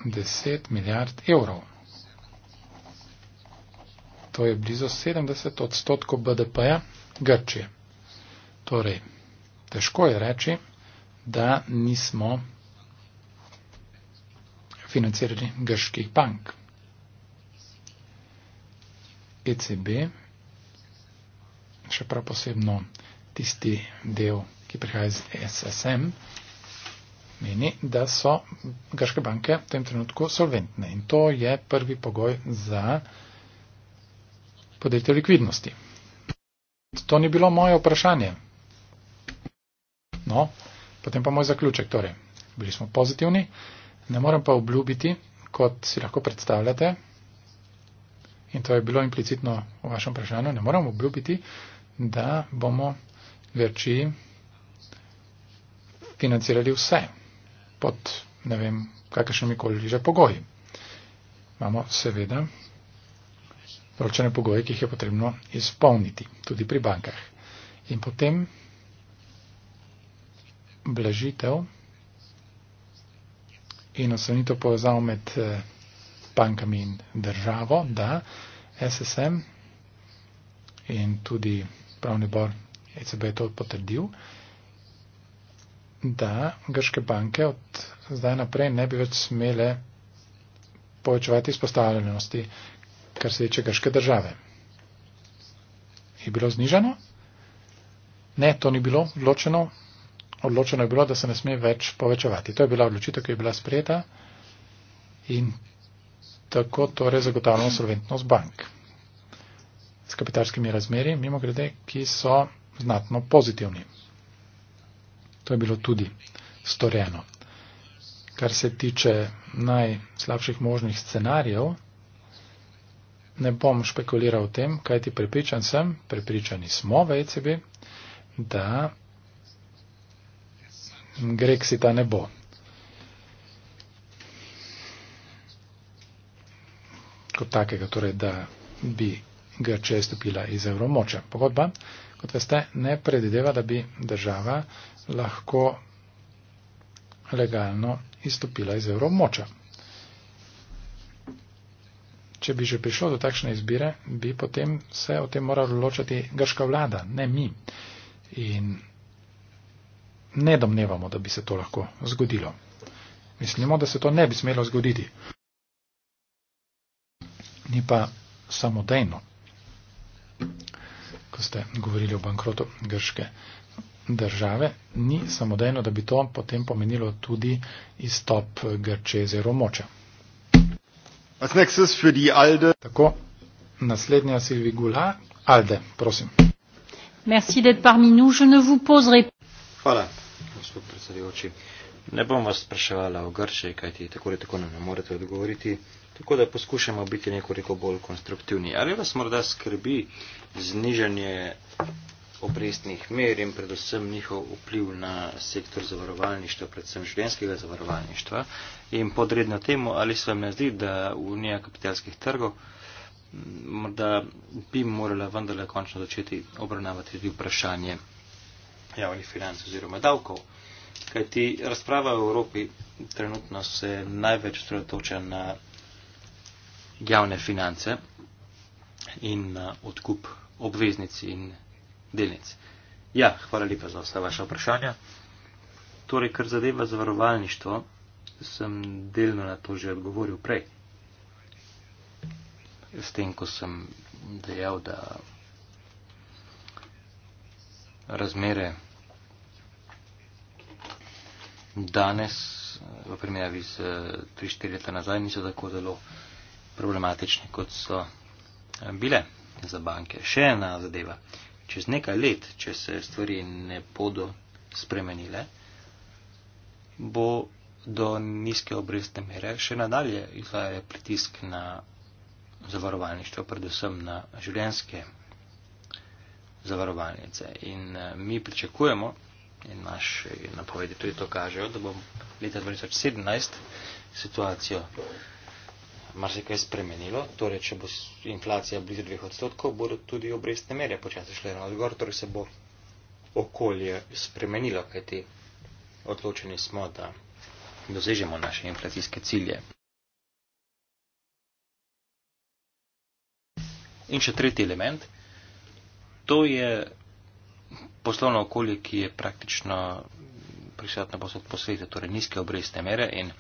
S2: 110 milijard evrov. To je blizu 70 odstotkov BDP-ja Grčije. Torej, težko je reči, da nismo financirali grških bank. ECB, še prav posebno tisti del, ki prihaja iz SSM, meni, da so grške banke v tem trenutku solventne. In to je prvi pogoj za podelitev likvidnosti. To ni bilo moje vprašanje. No, potem pa moj zaključek. Torej, bili smo pozitivni, ne morem pa obljubiti, kot si lahko predstavljate, In to je bilo implicitno v vašem vprašanju. Ne moramo obljubiti, da bomo Grčiji financirali vse pod ne vem kakšnimi koli že pogoji. Imamo seveda določene pogoje, ki jih je potrebno izpolniti, tudi pri bankah. In potem blažitev in osnovnito povezav med eh, bankami in državo, da SSM in tudi pravni bor ECB je to potrdil, da grške banke od zdaj naprej ne bi več smele povečevati izpostavljenosti, kar se tiče grške države. Je bilo znižano? Ne, to ni bilo odločeno. Odločeno je bilo, da se ne sme več povečevati. To je bila odločitev, ki je bila sprejeta in tako torej zagotavljamo solventnost bank s kapitalskimi razmeri, mimo grede, ki so znatno pozitivni. To je bilo tudi storjeno. Kar se tiče najslabših možnih scenarijev, ne bom špekuliral o tem, kaj ti prepričan sem, prepričani smo v ECB, da Grexita ne bo. kot takega, torej da bi Grčija izstopila iz evromoča. Pogodba, kot veste, ne predideva, da bi država lahko legalno izstopila iz evromoča. Če bi že prišlo do takšne izbire, bi potem se o tem morala odločati grška vlada, ne mi. In ne domnevamo, da bi se to lahko zgodilo. Mislimo, da se to ne bi smelo zgoditi ni pa samodejno. Ko ste govorili o bankrotu grške države, ni samodejno, da bi to potem pomenilo tudi izstop Grče iz Romoča. Tako, naslednja Silvija Gula, Alde, prosim.
S3: Merci d'être parmi nous, je ne vous poserai pas.
S2: Voilà, gospod
S4: predsedujoči. Uh, ne bom vas spraševala o Grčiji, kajti tako ali tako nam ne morete odgovoriti. Tako da poskušamo biti nekoliko bolj konstruktivni. Ali vas morda skrbi znižanje obrestnih mer in predvsem njihov vpliv na sektor zavarovalništva, predvsem življenskega zavarovalništva? In podredno temu, ali se vam ne zdi, da Unija kapitalskih trgov morda bi morala vendarle končno začeti obravnavati tudi vprašanje javnih financ oziroma davkov? Kajti razprava v Evropi trenutno se največ sredotoča na javne finance in na odkup obveznic in delnic. Ja, hvala lepa za vse vaše vprašanja. Torej, kar zadeva zavarovalništvo, sem delno na to že odgovoril prej. S tem, ko sem dejal, da razmere danes eh, v primerjavi z 3-4 eh, leta nazaj niso tako zelo problematične, kot so eh, bile za banke. Še ena zadeva. Čez nekaj let, če se stvari ne bodo spremenile, bo do nizke obrestne mere še nadalje izvajal pritisk na zavarovalništvo, predvsem na življenske zavarovalnice. In mi pričakujemo, in naše napovedi tudi to kažejo, da bo leta 2017 situacijo marsikaj spremenilo. Torej, če bo inflacija blizu dveh odstotkov, bodo tudi obrestne mere počasi šle na odgor, torej se bo okolje spremenilo, kajti odločeni smo, da dosežemo naše inflacijske cilje. In še tretji element, to je poslovno okolje, ki je praktično prisotno posod po svetu, torej nizke obrestne mere in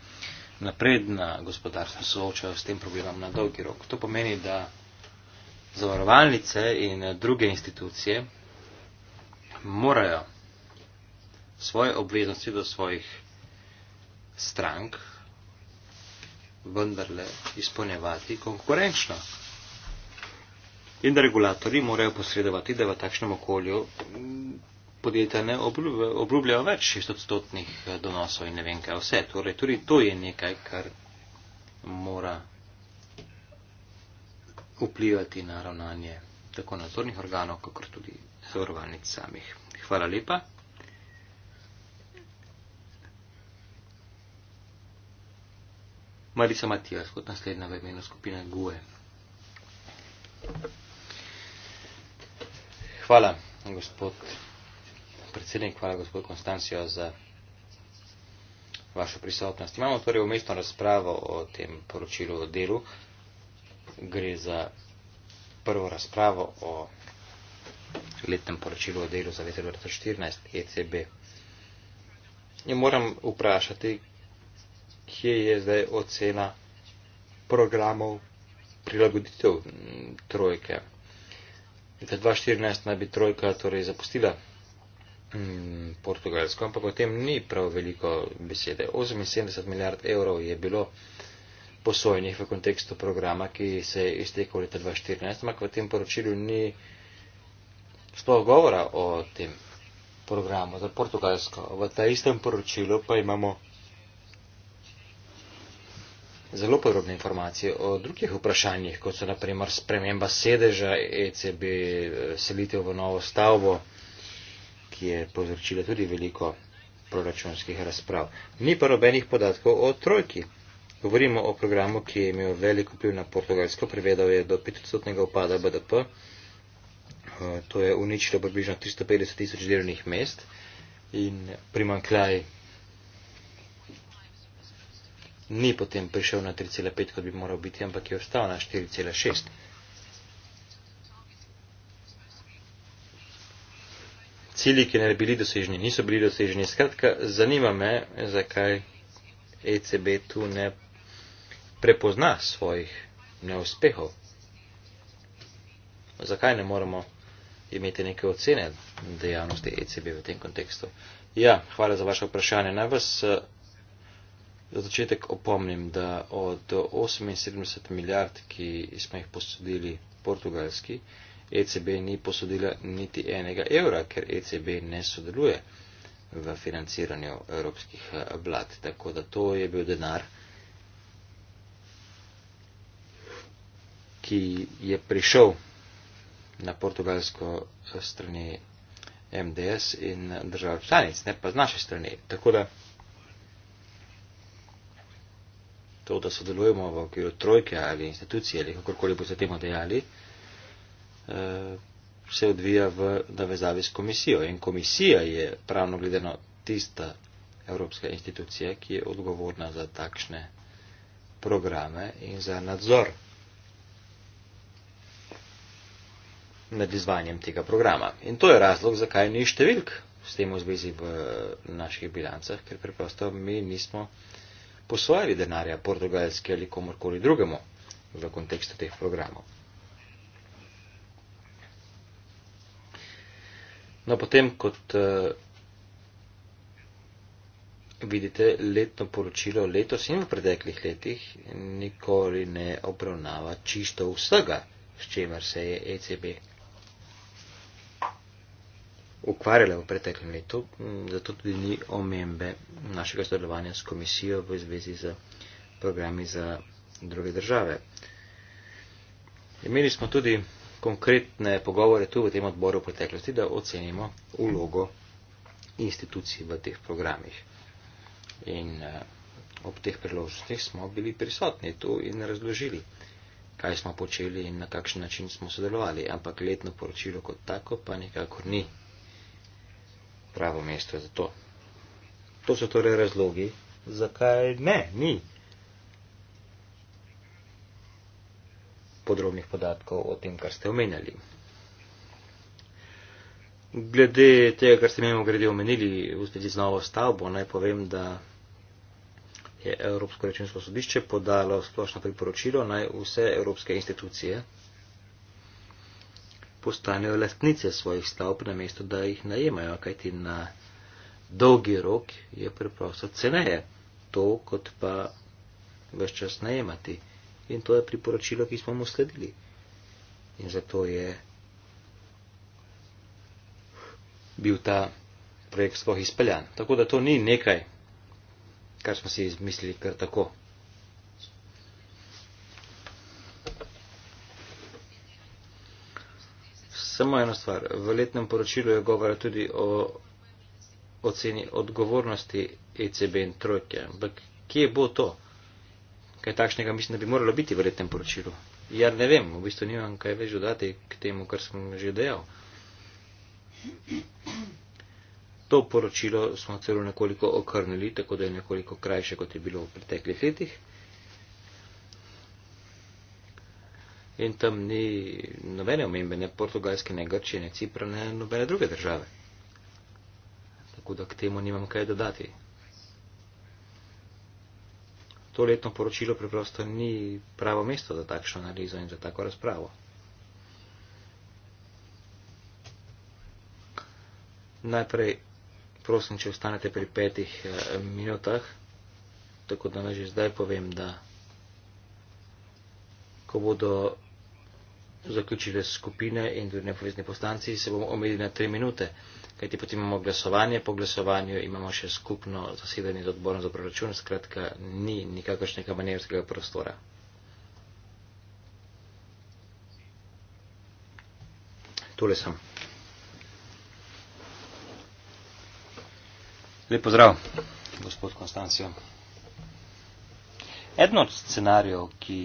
S4: napredna gospodarstva soočajo s tem problemom na dolgi rok. To pomeni, da zavarovalnice in druge institucije morajo svoje obveznosti do svojih strank vendarle izpolnjevati konkurenčno in da regulatori morajo posredovati, da v takšnem okolju mm, podjetja ne obljubljajo več šestodstotnih eh, donosov in ne vem kaj vse. Torej, tudi to je nekaj, kar mora vplivati na ravnanje tako nadzornih organov, kakor tudi zavarovalnic samih. Hvala lepa. Marisa Matija, kot naslednja v imenu skupine GUE. Thank you. Hvala, gospod predsednik, hvala, gospod Konstancijo, za vašo prisotnost. Imamo torej umestno razpravo o tem poročilu o delu. Gre za prvo razpravo o letnem poročilu o delu za leto 2014 ECB. In moram vprašati, kje je zdaj ocena programov prilagoditev trojke Leta 2014 naj bi trojka torej zapustila mm, Portugalsko, ampak o tem ni prav veliko besede. 78 milijard evrov je bilo posojenih v kontekstu programa, ki se je iztekel leta 2014, ampak v tem poročilu ni sploh govora o tem programu za Portugalsko. V ta istem poročilu pa imamo zelo podrobne informacije o drugih vprašanjih, kot so naprimer sprememba sedeža ECB, selitev v novo stavbo, ki je povzročila tudi veliko proračunskih razprav. Ni pa nobenih podatkov o trojki. Govorimo o programu, ki je imel veliko vpliv na portugalsko, privedal je do 5-odstotnega upada BDP, e, to je uničilo približno 350 tisoč delovnih mest in primankljaj ni potem prišel na 3,5, kot bi moral biti, ampak je ostal na 4,6. Cilji, ki ne bi bili doseženi, niso bili doseženi. Skratka, zanima me, zakaj ECB tu ne prepozna svojih neuspehov. Zakaj ne moremo imeti neke ocene dejavnosti ECB v tem kontekstu? Ja, hvala za vaše vprašanje. Na vas eh, za začetek opomnim, da od 78 milijard, ki smo jih posodili portugalski, ECB ni posodila niti enega evra, ker ECB ne sodeluje v financiranju evropskih eh, vlad. Tako da to je bil denar, ki je prišel na portugalsko eh, strani MDS in držav članic, ne pa z naše strani. Tako da to, da sodelujemo v okviru trojke ali institucije ali kakorkoli boste temu dejali, eh, se odvija v navezavi s komisijo. In komisija je pravno gledeno tista evropska institucija, ki je odgovorna za takšne programe in za nadzor nad izvanjem tega programa. In to je razlog, zakaj ni številk s tem v zvezi v naših bilancah, ker preprosto mi nismo posojali denarja portugalski ali komorkoli drugemu v kontekstu teh programov. No, potem, kot uh, vidite, letno poročilo letos in v preteklih letih nikoli ne obravnava čisto vsega, s čimer se je ECB ukvarjale v preteklem letu, zato tudi ni omembe našega sodelovanja s komisijo v zvezi z programi za druge države. Imeli smo tudi konkretne pogovore tu v tem odboru v preteklosti, da ocenimo ulogo institucij v teh programih. In eh, ob teh priložnostih smo bili prisotni tu in razložili, kaj smo počeli in na kakšen način smo sodelovali, ampak letno poročilo kot tako pa nikakor ni pravo mesto za to. To so torej razlogi, zakaj ne, ni podrobnih podatkov o tem, kar ste omenjali. Glede tega, kar ste mi ogrede omenili v zvezi z novo stavbo, naj povem, da je Evropsko rečinsko sodišče podalo splošno priporočilo naj vse evropske institucije, postanejo lastnice svojih stavb, namesto da jih najemajo, kajti na dolgi rok je preprosto ceneje to, kot pa vse čas najemati. In to je priporočilo, ki smo mu sledili. In zato je bil ta projekt sploh izpeljan. Tako da to ni nekaj, kar smo si izmislili kar tako. samo eno stvar. V letnem poročilu je govora tudi o oceni odgovornosti ECB in trojke. Ampak kje bo to? Kaj takšnega mislim, da bi moralo biti v letnem poročilu? Ja, ne vem, v bistvu nimam kaj več dodati k temu, kar sem že dejal. To poročilo smo celo nekoliko okrnili, tako da je nekoliko krajše, kot je bilo v preteklih letih. in tam ni nobene omembe, ne Portugalske, ne Grčije, ne Cipra, ne nobene druge države. Tako da k temu nimam kaj dodati. To letno poročilo preprosto ni pravo mesto za takšno analizo in za tako razpravo. Najprej prosim, če ostanete pri petih eh, minutah, tako da naj že zdaj povem, da ko bodo zaključile skupine in tudi nepovezni poslanci, se bomo omedili na tri minute, kajti potem imamo glasovanje, po glasovanju imamo še skupno zasedanje z odborom za proračun, skratka ni nikakršnega manjerskega prostora. Tole sem. Lep pozdrav, gospod Konstancijo. Edno od scenarijev, ki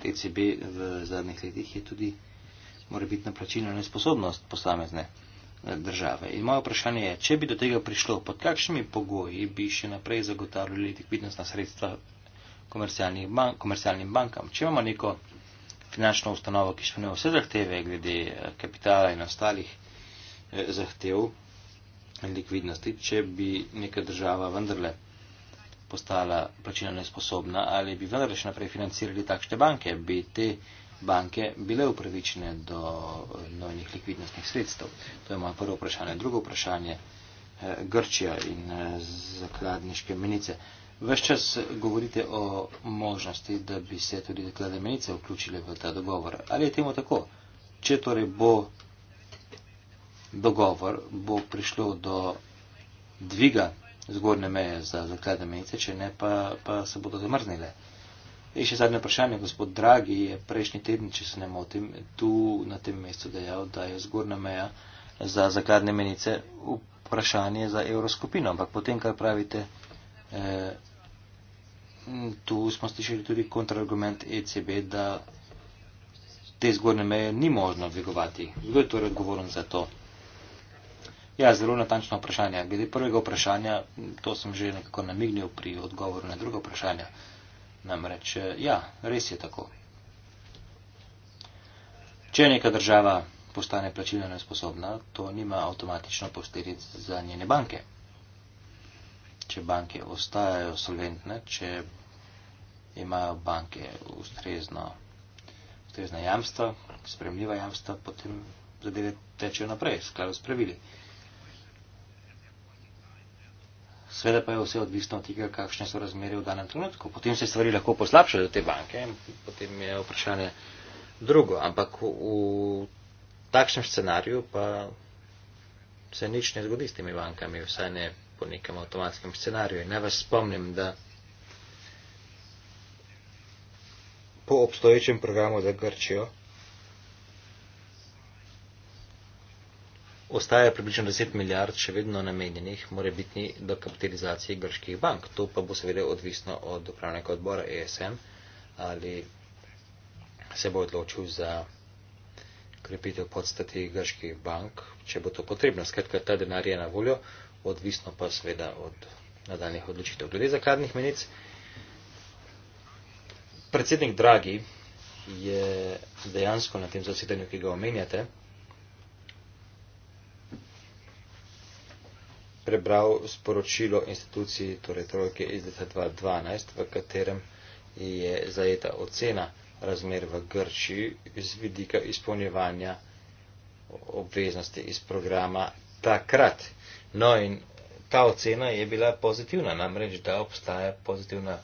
S4: pred ECB v zadnjih letih je tudi morebitna plačilna nesposobnost posamezne eh, države. In moje vprašanje je, če bi do tega prišlo, pod kakšnimi pogoji bi še naprej zagotavljali likvidnostna sredstva komercialnih bank, komercialnim bankam? Če imamo neko finančno ustanovo, ki spomne vse zahteve glede eh, kapitala in ostalih eh, zahtev likvidnosti, če bi neka država vendarle postala plačilno nesposobna, ali bi vendar še naprej financirali takšne banke, bi te banke bile upravičene do novih likvidnostnih sredstev. To je moje prvo vprašanje. Drugo vprašanje, eh, Grčija in eh, zakladniške menice. Ves čas govorite o možnosti, da bi se tudi zaklade menice vključile v ta dogovor. Ali je temu tako? Če torej bo dogovor, bo prišlo do dviga zgornje meje za zaklade mejice, če ne, pa, pa se bodo zamrznile. In še zadnje vprašanje, gospod Dragi je prejšnji teden, če se ne motim, tu na tem mestu dejal, da je zgornja meja za zakladne menice vprašanje za evroskupino, ampak potem, kar pravite, eh, tu smo slišali tudi kontrargument ECB, da te zgornje meje ni možno dvigovati. Kdo je torej odgovoren za to? Ja, zelo natančno vprašanje. Glede prvega vprašanja, to sem že nekako namignil pri odgovoru na drugo vprašanje. Namreč, ja, res je tako. Če neka država postane plačilno nesposobna, to nima avtomatično posledic za njene banke. Če banke ostajajo solventne, če imajo banke ustrezno, ustrezna jamstva, spremljiva jamstva, potem zadeve tečejo naprej, skladno s pravili. Uh, Sveda pa je vse odvisno od tega, kakšne so razmere v danem trenutku. Potem se stvari lahko poslabšajo do te banke in potem je vprašanje drugo. Ampak v takšnem scenariju pa se nič ne zgodi s temi bankami, vsaj ne po nekem avtomatskem scenariju. In naj vas spomnim, da po obstoječem programu za Grčijo ostaje približno 10 milijard še vedno namenjenih more biti do kapitalizacije grških bank. To pa bo seveda odvisno od upravnega odbora ESM ali se bo odločil za krepitev podstati grških bank, če bo to potrebno. Skratka, ta denar je na voljo, odvisno pa seveda od nadaljnih odločitev. Glede zakladnih menic, predsednik Dragi je dejansko na tem zasedanju, ki ga omenjate, prebral sporočilo instituciji, torej trojke iz leta 2012, v katerem je zajeta ocena razmer v Grčiji z vidika izpolnjevanja obveznosti iz programa takrat. No in ta ocena je bila pozitivna, namreč da obstaja pozitivna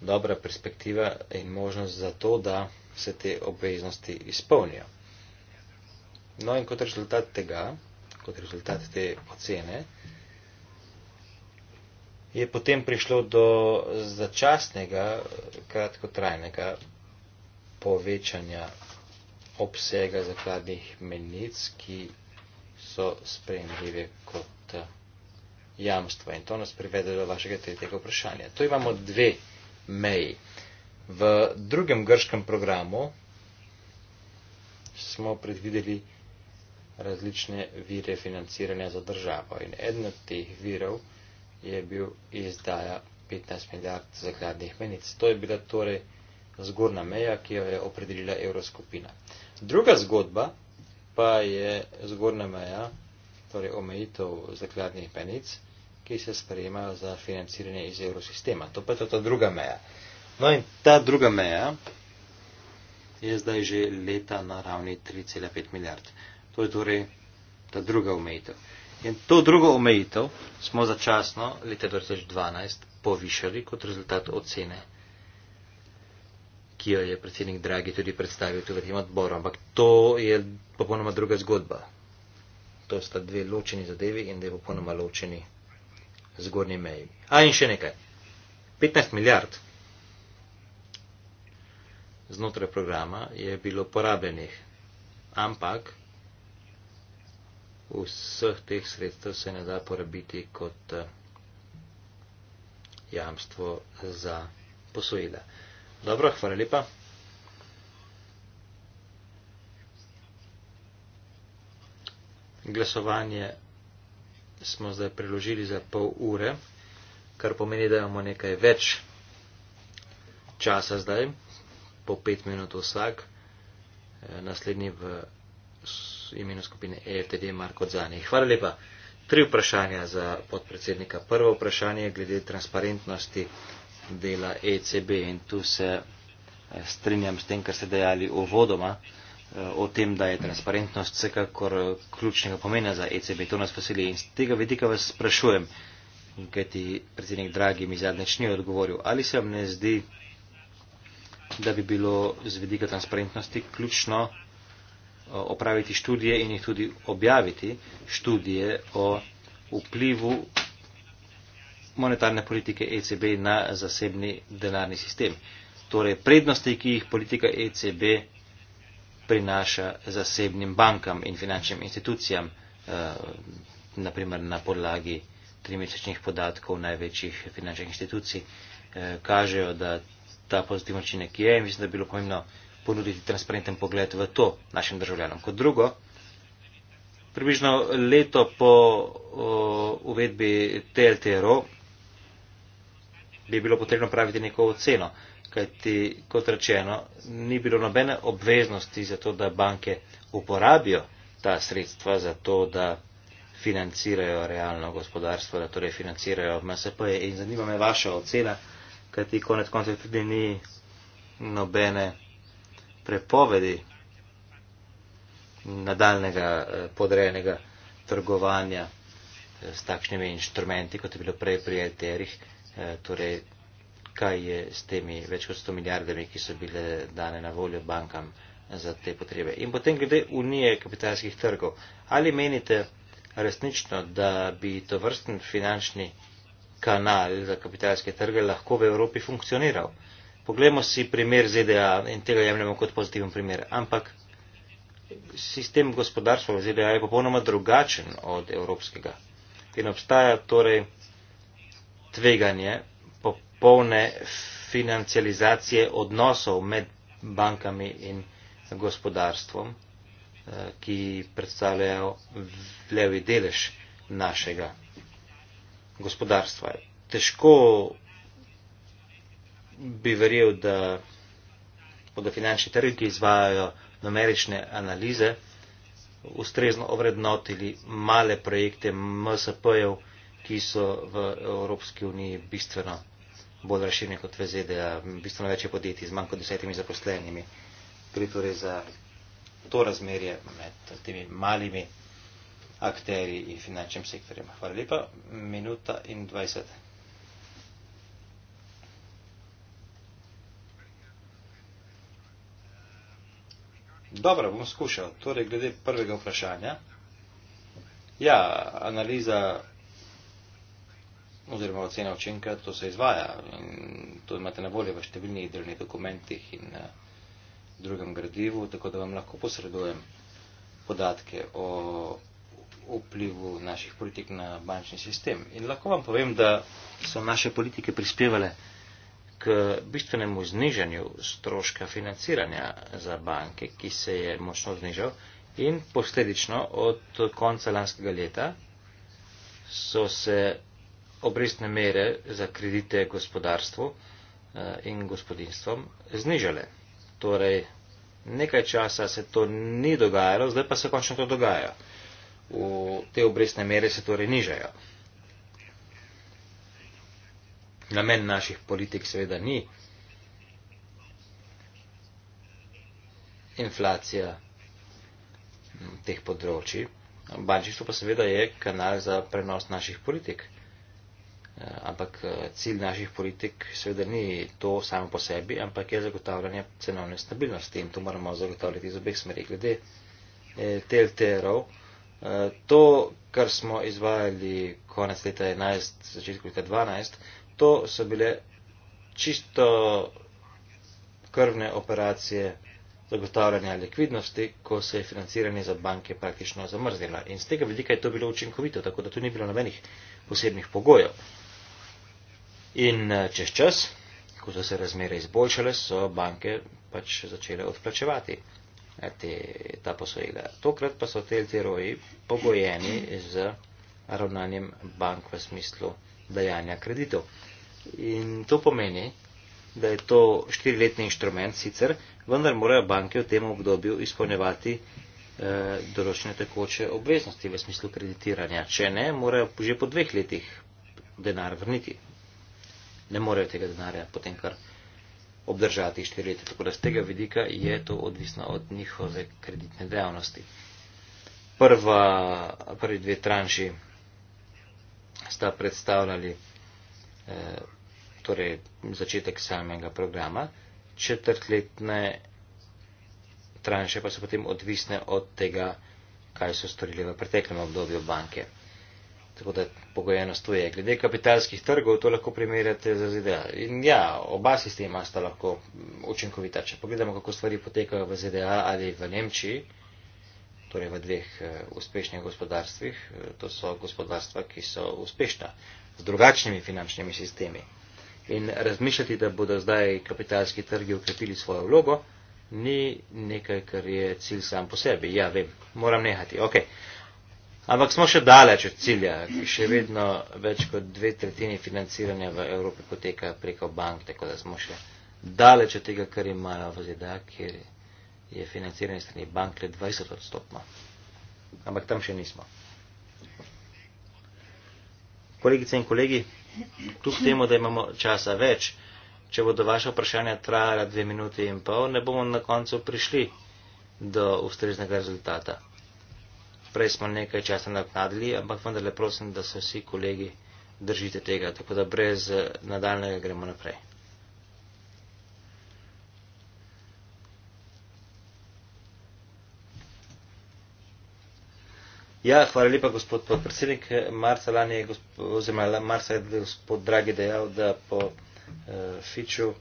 S4: dobra perspektiva in možnost za to, da se te obveznosti izpolnijo. No in kot rezultat tega, kot rezultat te ocene, je potem prišlo do začasnega, kratkotrajnega povečanja obsega zakladnih menic, ki so sprejemljive kot eh, jamstva. In to nas privede do vašega tretjega vprašanja. Tu imamo dve meji. V drugem grškem programu smo predvideli različne vire financiranja za državo. In eden od teh virov, je bil izdaja 15 milijard zakladnih menic. To je bila torej zgornja meja, ki jo je opredelila evroskupina. Druga zgodba pa je zgornja meja, torej omejitev zakladnih menic, ki se sprejema za financiranje iz evrosistema. To pa je ta druga meja. No in ta druga meja je zdaj že leta na ravni 3,5 milijard. To je torej ta druga omejitev. In to drugo omejitev smo začasno, leta 2012, povišali kot rezultat ocene, ki jo je predsednik Dragi tudi predstavil tudi v tem odboru. Ampak to je popolnoma druga zgodba. To sta dve ločeni zadevi in dve popolnoma ločeni zgornji meji. A in še nekaj. 15 milijard znotraj programa je bilo porabljenih, ampak vseh teh sredstev se ne da porabiti kot eh, jamstvo za posojila. Dobro, hvala lepa. Glasovanje smo zdaj preložili za pol ure, kar pomeni, da imamo nekaj več časa zdaj, po pet minut vsak, eh, naslednji v imenu skupine EFTD Marko Zani. Hvala lepa. Tri vprašanja za podpredsednika. Prvo vprašanje je glede transparentnosti dela ECB in tu se eh, strinjam s tem, kar ste dejali uvodoma eh, o tem, da je transparentnost vsekakor eh, ključnega pomena za ECB. To nas veseli in z tega vidika vas sprašujem, kaj ti predsednik Dragi mi zadnjič ni odgovoril. Ali se vam ne zdi, da bi bilo z vidika transparentnosti ključno opraviti študije in jih tudi objaviti, študije o vplivu monetarne politike ECB na zasebni denarni sistem. Torej, prednosti, ki jih politika ECB prinaša zasebnim bankam in finančnim institucijam, eh, naprimer na podlagi trimesečnih podatkov največjih finančnih institucij, eh, kažejo, da ta pozitivna činek je in mislim, da bi bilo pomembno ponuditi transparenten pogled v to našim državljanom. Kot drugo, približno leto po o, uvedbi TLTRO bi bilo potrebno praviti neko oceno, kajti kot rečeno, ni bilo nobene obveznosti za to, da banke uporabijo ta sredstva za to, da financirajo realno gospodarstvo, da torej financirajo MSP-je in zanima me vaša ocena, kajti konec koncev tudi ni nobene prepovedi nadaljnega eh, podrejenega trgovanja eh, s takšnimi inštrumenti, kot je bilo prej pri Eterih, eh, torej kaj je s temi več kot 100 milijardami, ki so bile dane na voljo bankam za te potrebe. In potem glede unije kapitalskih trgov. Ali menite resnično, da bi to vrsten finančni kanal za kapitalske trge lahko v Evropi funkcioniral? Poglejmo si primer ZDA in tega jemljemo kot pozitiven primer. Ampak sistem gospodarstva v ZDA je popolnoma drugačen od evropskega. In obstaja torej tveganje popolne financializacije odnosov med bankami in gospodarstvom, eh, ki predstavljajo levi delež našega gospodarstva. Težko bi verjel, da bodo finančni trgi, ki izvajajo numerične analize, ustrezno ovrednotili male projekte MSP-jev, ki so v Evropski uniji bistveno bolj raširjeni kot v ZDA, bistveno več je podjetij z manj kot desetimi zaposlenimi. Gre torej za to razmerje med temi malimi akteri in finančnim sektorjem. Hvala lepa. Minuta in 20. Dobro, bom skušal. Torej, glede prvega vprašanja. Ja, analiza oziroma ocena učinka, to se izvaja in to imate na voljo v številnih delnih dokumentih in eh, drugem gradivu, tako da vam lahko posredujem podatke o vplivu naših politik na bančni sistem. In lahko vam povem, da so naše politike prispevale k bistvenemu znižanju stroška financiranja za banke, ki se je močno znižal in posledično od konca lanskega leta so se obrestne mere za kredite gospodarstvu eh, in gospodinstvom znižale. Torej, nekaj časa se to ni dogajalo, zdaj pa se končno to dogaja. V te obrestne mere se torej nižajo namen naših politik seveda ni inflacija teh področji. Bančištvo pa seveda je kanal za prenos naših politik. Eh, ampak eh, cilj naših politik seveda ni to samo po sebi, ampak je zagotavljanje cenovne stabilnosti in to moramo zagotavljati iz obeh smeri. Glede eh, TLT-rov, to, kar smo izvajali konec leta 2011, začetku leta 2012, to so bile čisto krvne operacije zagotavljanja likvidnosti, ko se je financiranje za banke praktično zamrznilo. In z tega vidika je to bilo učinkovito, tako da tu ni bilo nobenih posebnih pogojev. In eh, čez čas, ko so se razmere izboljšale, so banke pač začele odplačevati eh, te, ta posojila. Tokrat pa so te LTROji pogojeni z ravnanjem bank v smislu dajanja kreditov. In to pomeni, da je to štiriletni inštrument sicer, vendar morajo banke v tem obdobju izpolnjevati eh, določene tekoče obveznosti v smislu kreditiranja. Če ne, morajo že po dveh letih denar vrniti. Ne morejo tega denarja potem kar obdržati štiri leta. Tako da z tega vidika je to odvisno od njihove kreditne dejavnosti. Prva, prvi dve tranši sta predstavljali Eh, torej začetek samega programa. Četrtletne tranše pa so potem odvisne od tega, kaj so storili v preteklem obdobju banke. Tako da pogojeno stoje. Glede kapitalskih trgov to lahko primerjate z ZDA. In ja, oba sistema sta lahko učinkovita. Če pogledamo, kako stvari potekajo v ZDA ali v Nemčiji, torej v dveh eh, uspešnih gospodarstvih, eh, to so gospodarstva, ki so uspešna z drugačnimi finančnimi sistemi. In razmišljati, da bodo zdaj kapitalski trgi ukrepili svojo vlogo, ni nekaj, kar je cilj sam po sebi. Ja, vem, moram nehati. Okay. Ampak smo še daleč od cilja, še vedno več kot dve tretjini financiranja v Evropi poteka preko bank, tako da smo še daleč od tega, kar imajo v ZDA, kjer je financiranje strani bank le 20 odstotno. Ampak tam še nismo. Kolegice in kolegi, kljub temu, da imamo časa več, če bodo vaše vprašanja trajala dve minuti in pol, ne bomo na koncu prišli do ustreznega rezultata. Prej smo nekaj časa nadnadili, ampak vendarle prosim, da se vsi kolegi držite tega, tako da brez eh, nadaljnega gremo naprej. Ja, hvala lepa, gospod podpredsednik. Marca lani je, gospod, oziroma Marca je gospod Dragi dejal, da po uh, Fiču uh,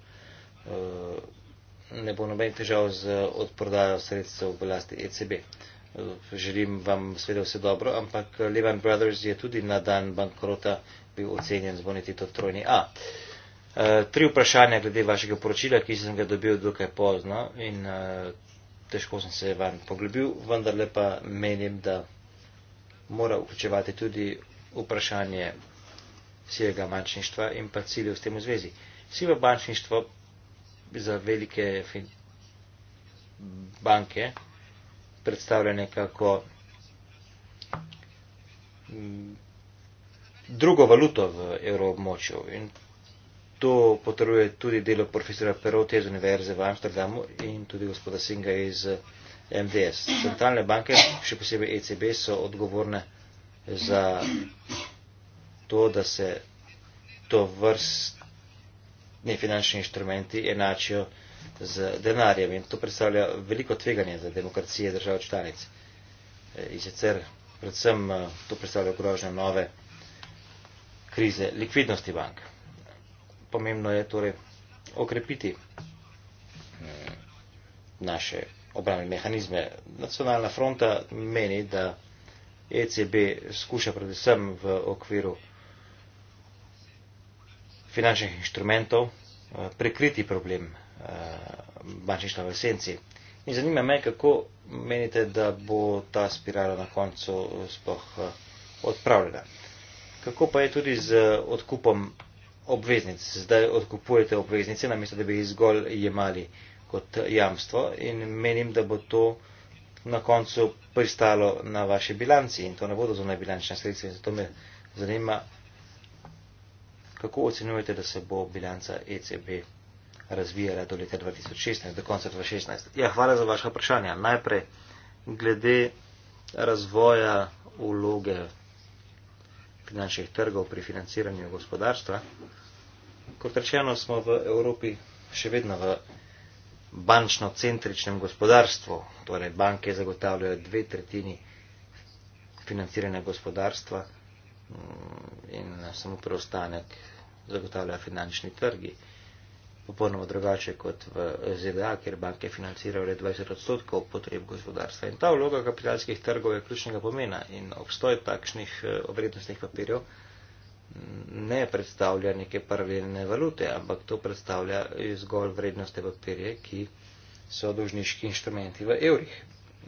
S4: ne bo nobenih težav z odprodajo sredstev v lasti ECB. Uh, eh, želim vam seveda vse dobro, ampak Lehman Brothers je tudi na dan bankrota bil ocenjen z boniteto trojni A. Uh, tri vprašanja glede vašega poročila, ki sem ga dobil dokaj pozno in uh, težko sem se vam poglobil, vendar lepa menim, da mora vključevati tudi vprašanje sivega bančništva in pa ciljev s tem v zvezi. Sivo bančništvo za velike banke predstavlja nekako mm, drugo valuto v evroobmočju in to potrjuje tudi delo profesora Perote iz Univerze v Amsterdamu in tudi gospoda Singa iz MDS. Centralne banke, še posebej ECB, so odgovorne za to, da se to vrstni finančni inštrumenti enačijo z denarjem in to predstavlja veliko tveganje za demokracije držav članic. E, in sicer predvsem e, to predstavlja grožnje nove krize likvidnosti bank. Pomembno je torej okrepiti e, naše obrambne mehanizme. Nacionalna fronta meni, da ECB skuša predvsem v okviru finančnih inštrumentov eh, prekriti problem eh, bančništva v esenci. In zanima me, kako menite, da bo ta spirala na koncu eh, sploh odpravljena. Kako pa je tudi z odkupom obveznic? Zdaj odkupujete obveznice, namesto da bi jih zgolj jemali kot jamstvo in menim, da bo to na koncu pristalo na vaši bilanci in to ne bodo zunaj bilančne sredstva in zato me zanima, kako ocenujete, da se bo bilanca ECB razvijala do leta 2016, do konca 2016. Ja, hvala za vaše vprašanje. Najprej, glede razvoja vloge finančnih trgov pri financiranju gospodarstva, kot rečeno smo v Evropi še vedno v bančno-centričnem gospodarstvu, torej banke zagotavljajo dve tretjini financiranja gospodarstva mm, in samo preostanek zagotavljajo finančni trgi. Popolnoma drugače kot v ZDA, kjer banke financirajo le 20 odstotkov potreb gospodarstva. In ta vloga kapitalskih trgov je ključnega pomena in obstoj takšnih vrednostnih eh, papirjev ne predstavlja neke paralelne valute, ampak to predstavlja zgolj vrednostne papirje, ki so dolžniški inštrumenti v evrih.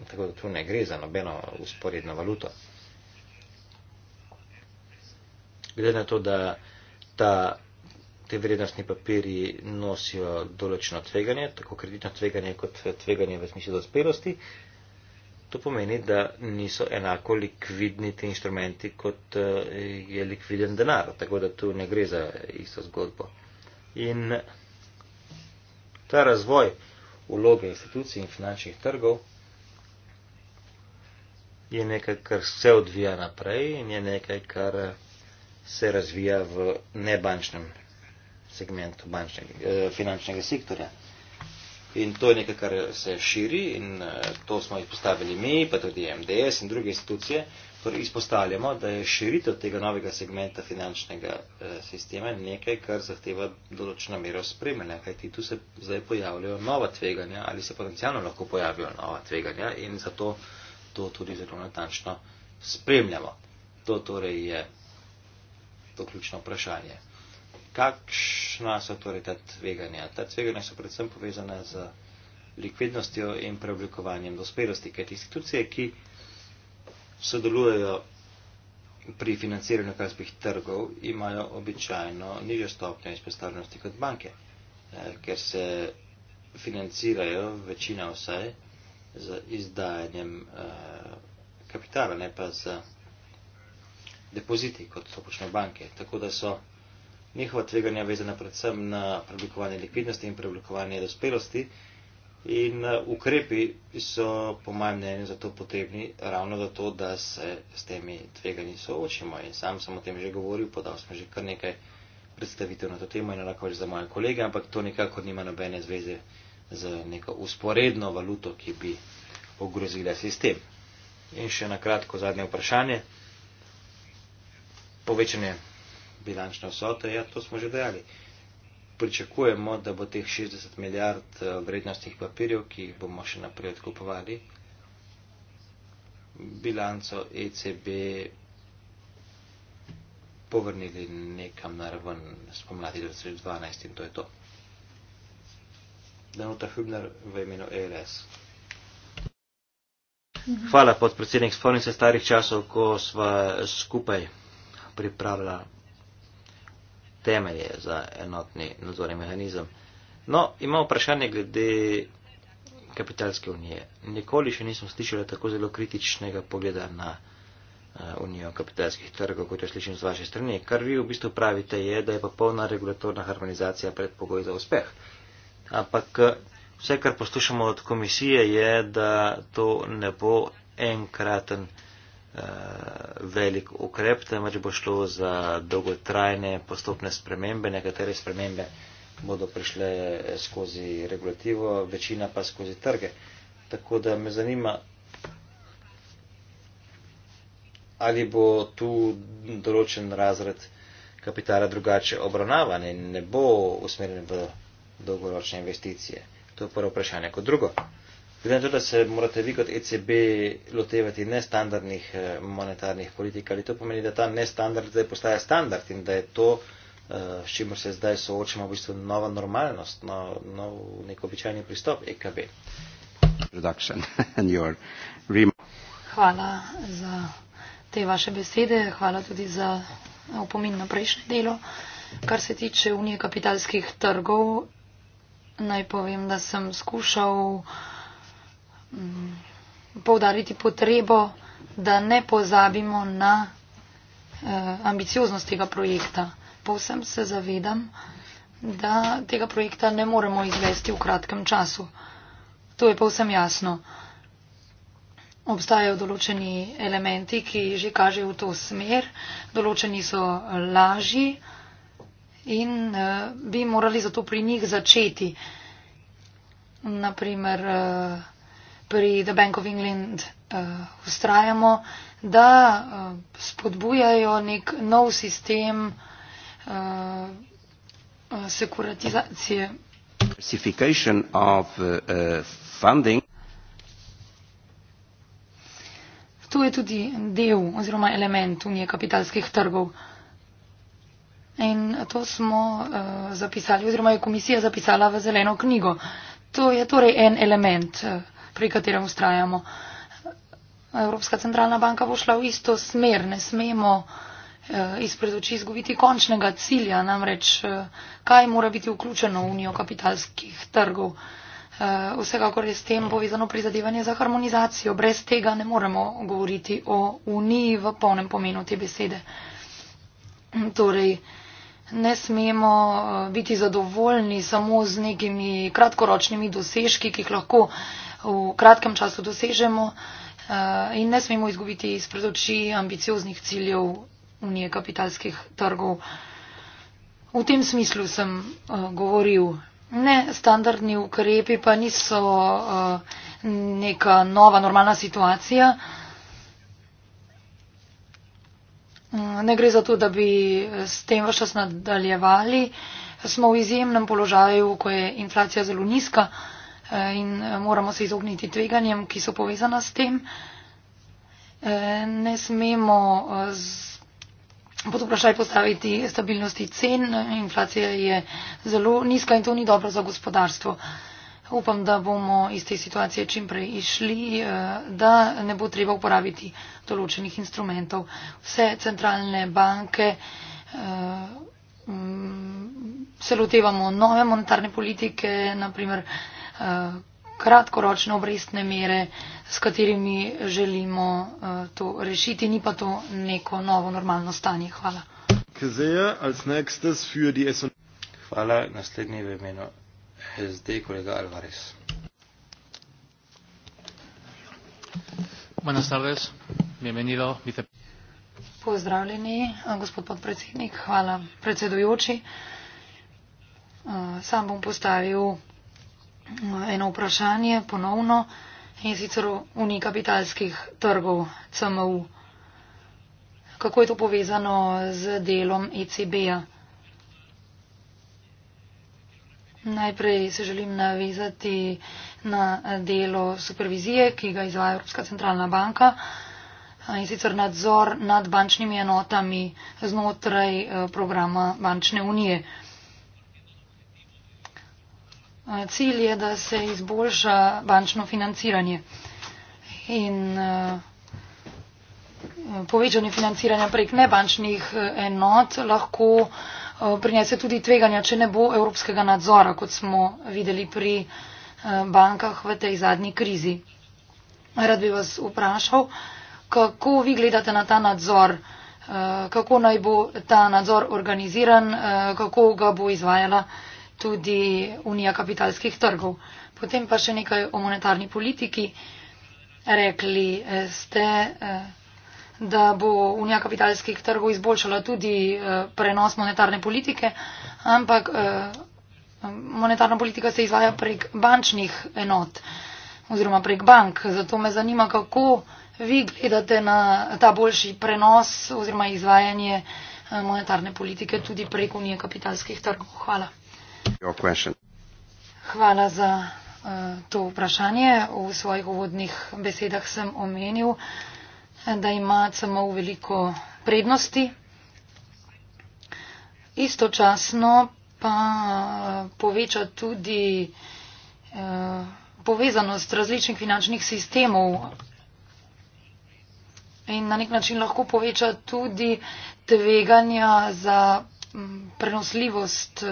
S4: Tako da tu ne gre za nobeno usporedno valuto. Glede na to, da ta, te vrednostni papiri nosijo določeno tveganje, tako kreditno tveganje kot tveganje v smislu dospelosti, uh, To pomeni, da niso enako likvidni ti inštrumenti, kot eh, je likviden denar, tako da tu ne gre za isto zgodbo. In ta razvoj vloge institucij in finančnih trgov je nekaj, kar se odvija naprej in je nekaj, kar se razvija v nebančnem segmentu bančnega, eh, finančnega sektorja. In to je nekaj, kar se širi in eh, to smo izpostavili mi, pa tudi MDS in druge institucije. Torej izpostavljamo, da je širitev tega novega segmenta finančnega eh, sistema nekaj, kar zahteva določeno mero spremljanja, kajti tu se zdaj pojavljajo nova tveganja ali se potencialno lahko pojavijo nova tveganja in zato to tudi zelo natančno spremljamo. To torej je to ključno vprašanje kakšna so torej ta tveganja. Ta tveganja so predvsem povezana z likvidnostjo in preoblikovanjem dospelosti, kajti institucije, ki sodelujejo pri financiranju kazbih trgov, imajo običajno nižjo stopnjo izpostavljenosti kot banke, eh, ker se financirajo večina vsaj z izdajanjem eh, kapitala, ne pa z depoziti, kot so počne banke. Tako da so njihova tveganja vezana predvsem na preoblikovanje likvidnosti in preoblikovanje dospelosti. In eh, ukrepi so, po mojem mnenju, zato potrebni ravno zato, da se s temi tveganji soočimo. In sam sem o tem že govoril, podal sem že kar nekaj predstavitev na to temo in lahko že za moje kolege, ampak to nekako nima nobene zveze z neko usporedno valuto, ki bi ogrozila sistem. In še na kratko zadnje vprašanje. Povečanje bilančne vsote, ja, to smo že dejali. Pričakujemo, da bo teh 60 milijard eh, vrednostnih papirjev, ki jih bomo še naprej odkupovali, bilanco ECB povrnili nekam naravn spomladi 2012 in to je to. Danuta Hübner v imenu ALS. E Hvala, podpredsednik spomnice starih časov, ko sva skupaj pripravila temelje za enotni nadzorni mehanizem. No, imamo vprašanje glede kapitalske unije. Nikoli še nismo slišali tako zelo kritičnega pogleda na eh, unijo kapitalskih trgov, kot jo slišim z vaše strani. Kar vi v bistvu pravite je, da je popolna regulatorna harmonizacija predpogoj za uspeh. Ampak eh, vse, kar poslušamo od komisije, je, da to ne bo enkraten. Eh, velik ukrep, temveč bo šlo za dolgotrajne postopne spremembe. Nekatere spremembe bodo prišle skozi regulativo, večina pa skozi trge. Tako da me zanima, ali bo tu določen razred kapitala drugače obravnavan in ne bo usmerjen v dolgoročne investicije. To je prvo vprašanje. Kot drugo. Glede na to, da se morate vi kot ECB lotevati nestandardnih eh, monetarnih politik, ali to pomeni, da ta nestandard zdaj postaja standard in da je to, eh, s čimer se zdaj soočamo, v bistvu nova normalnost, nov, nov nek običajni pristop EKB?
S3: Hvala za te vaše besede, hvala tudi za opomin na prejšnje delo. Kar se tiče unije kapitalskih trgov, naj povem, da sem skušal Mm. poudariti potrebo, da ne pozabimo na eh, ambicioznost tega projekta. Povsem se zavedam, da tega projekta ne moremo izvesti v kratkem času. To je povsem jasno. Obstajajo določeni elementi, ki že kažejo v to smer, določeni so lažji in eh, bi morali zato pri njih začeti. Naprimer, eh, pri The Bank of England uh, eh, ustrajamo, da uh, spodbujajo nek nov sistem uh, sekuratizacije. To je tudi del oziroma element unije kapitalskih trgov. In to smo uh, zapisali oziroma je komisija zapisala v zeleno knjigo. To je torej en element uh, pri katerem ustrajamo. Evropska centralna banka bo šla v isto smer. Ne smemo eh, izpred oči izgubiti končnega cilja, namreč eh, kaj mora biti vključeno v unijo kapitalskih trgov. Eh, vsekakor je s tem povezano prizadevanje za harmonizacijo. Brez tega ne moremo govoriti o uniji v polnem pomenu te besede. Torej, ne smemo eh, biti zadovoljni samo z nekimi kratkoročnimi dosežki, ki jih lahko v kratkem času dosežemo eh, in ne smemo izgubiti iz predoči ambicioznih ciljev Unije kapitalskih trgov. V tem smislu sem eh, govoril. Ne, standardni ukrepi pa niso eh, neka nova normalna situacija. Mm, ne gre za to, da bi s tem vse nadaljevali. Smo v izjemnem položaju, ko je inflacija zelo nizka in eh, moramo se izogniti tveganjem, ki so povezana s tem. Eh, ne smemo eh, pod vprašaj postaviti stabilnosti cen. Inflacija je zelo nizka in to ni dobro za gospodarstvo. Upam, da bomo iz te situacije čim prej išli, da ne bo treba uporabiti določenih instrumentov. Vse centralne banke mm, se lotevamo nove monetarne politike, naprimer Eh, kratkoročne obrestne mere, s katerimi želimo eh, to rešiti, ni pa to neko novo normalno stanje. Hvala.
S2: Hvala,
S4: naslednji v imenu SD, kolega Alvarez.
S2: Buenas tardes, bienvenido, vice.
S3: Pozdravljeni, eh, gospod podpredsednik, hvala predsedujoči. Sam bom postavil eno vprašanje ponovno in sicer uni kapitalskih trgov CMU. Kako je to povezano z delom ECB-ja? Najprej se želim navezati na delo supervizije, ki ga izvaja Evropska centralna banka in sicer nadzor nad bančnimi enotami znotraj eh, programa bančne unije cilj je, da se izboljša bančno financiranje in eh, povečanje financiranja prek nebančnih eh, enot lahko eh, prinese tudi tveganja, če ne bo evropskega nadzora, kot smo videli pri bankah v tej zadnji krizi. Rad bi vas vprašal, kako vi gledate na ta nadzor, kako naj bo ta nadzor organiziran, kako ga bo izvajala tudi Unija kapitalskih trgov. Potem pa še nekaj o monetarni politiki. Rekli eh, ste, eh, da bo Unija kapitalskih trgov izboljšala tudi eh, prenos monetarne politike, ampak monetarna politika se izvaja prek bančnih enot oziroma prek bank. Zato me zanima, kako vi gledate na ta boljši prenos oziroma izvajanje monetarne politike tudi prek Unije kapitalskih trgov. Hvala. Your question. Hvala za uh, to vprašanje. V svojih uvodnih besedah sem omenil, da ima CMO veliko prednosti. Istočasno pa eh, poveča tudi eh, povezanost različnih finančnih sistemov in na nek način lahko poveča tudi tveganja za mm, prenosljivost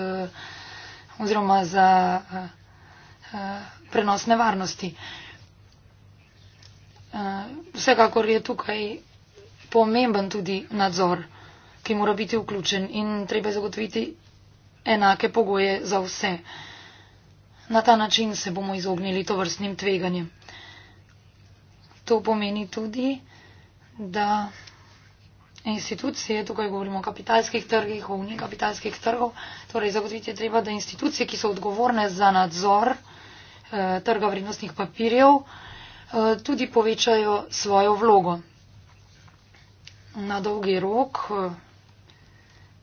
S3: oziroma za uh, prenos nevarnosti. Uh, vsekakor je tukaj pomemben tudi nadzor, ki mora biti vključen in treba zagotoviti enake pogoje za vse. Na ta način se bomo izognili to vrstnim tveganjem. To pomeni tudi, da institucije, tukaj govorimo o kapitalskih trgih, o uniji kapitalskih trgov, torej zagotoviti je treba, da institucije, ki so odgovorne za nadzor eh, trga vrednostnih papirjev, eh, tudi povečajo svojo vlogo. Na dolgi rok, eh,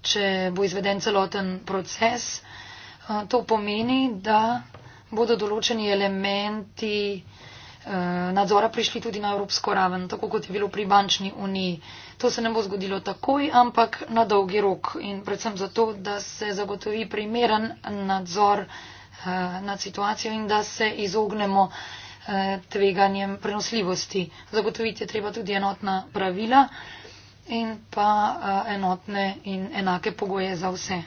S3: če bo izveden celoten proces, eh, to pomeni, da bodo določeni elementi eh, Eh, nadzora prišli tudi na evropsko raven, tako kot je bilo pri bančni uniji. To se ne bo zgodilo takoj, ampak na dolgi rok in predvsem zato, da se zagotovi primeren nadzor eh, nad situacijo in da se izognemo eh, tveganjem prenosljivosti. Zagotoviti je treba tudi enotna pravila in pa enotne in enake pogoje za vse.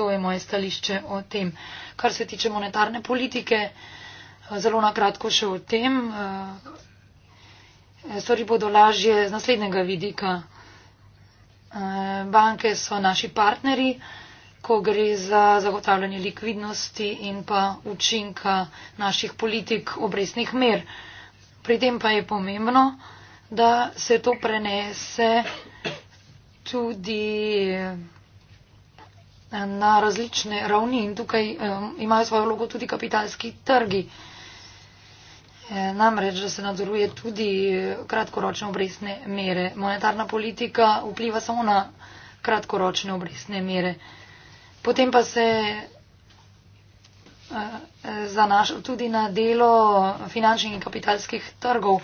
S3: To je moje stališče o tem. Kar se tiče monetarne politike, zelo na kratko še o tem. Eh, stvari bodo lažje z naslednjega vidika. Eh, banke so naši partneri, ko gre za zagotavljanje likvidnosti in pa učinka naših politik obresnih mer. Pri tem pa je pomembno, da se to prenese tudi eh, na različne ravni in tukaj um, imajo svojo vlogo tudi kapitalski trgi. Uh, Namreč, da se nadzoruje tudi kratkoročne obrestne mere. Monetarna politika vpliva samo na kratkoročne obrestne mere. Potem pa se eh, eh, zanaša tudi na delo finančnih in kapitalskih trgov,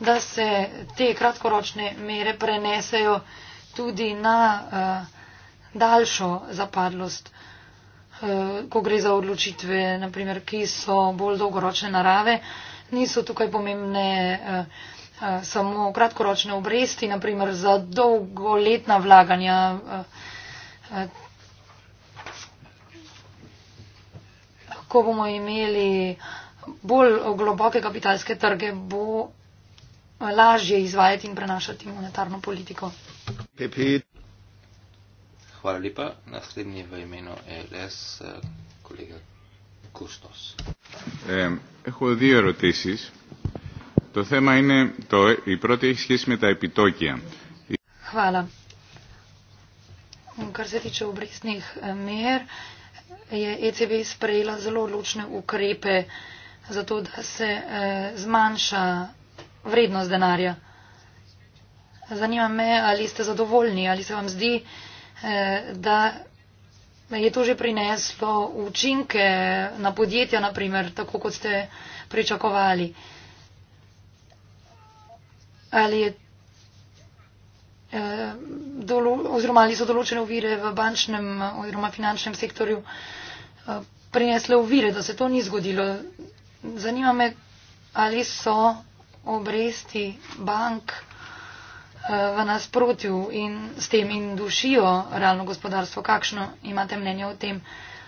S3: da se te kratkoročne mere prenesejo tudi na eh, daljšo zapadlost, ko gre za odločitve, naprimer, ki so bolj dolgoročne narave niso tukaj pomembne eh, eh, samo kratkoročne obresti, naprimer za dolgoletna vlaganja. Eh, ko bomo imeli bolj globoke kapitalske trge, bo lažje izvajati in prenašati monetarno politiko.
S4: Hvala lepa. Naslednji v imenu LS, kolega
S2: Κούστος. Ε, έχω δύο ερωτήσεις. Το θέμα είναι, το, η πρώτη έχει σχέση με τα επιτόκια.
S3: Χάλα. Kar se tiče obrestnih eh, mer, je ECB sprejela zelo odločne ukrepe za to, da se eh, zmanjša vrednost denarja. Zanima me, ali ste zadovoljni, ali se vam zdi, eh, da Je to že prineslo učinke na podjetja, naprimer, tako kot ste pričakovali? Ali, je, eh, dolo, oziroma, ali so določene uvire v bančnem oziroma finančnem sektorju eh, prinesle uvire, da se to ni zgodilo? Zanima me, ali so obresti bank v nasprotju in s tem in dušijo realno gospodarstvo. Kakšno imate mnenje o tem,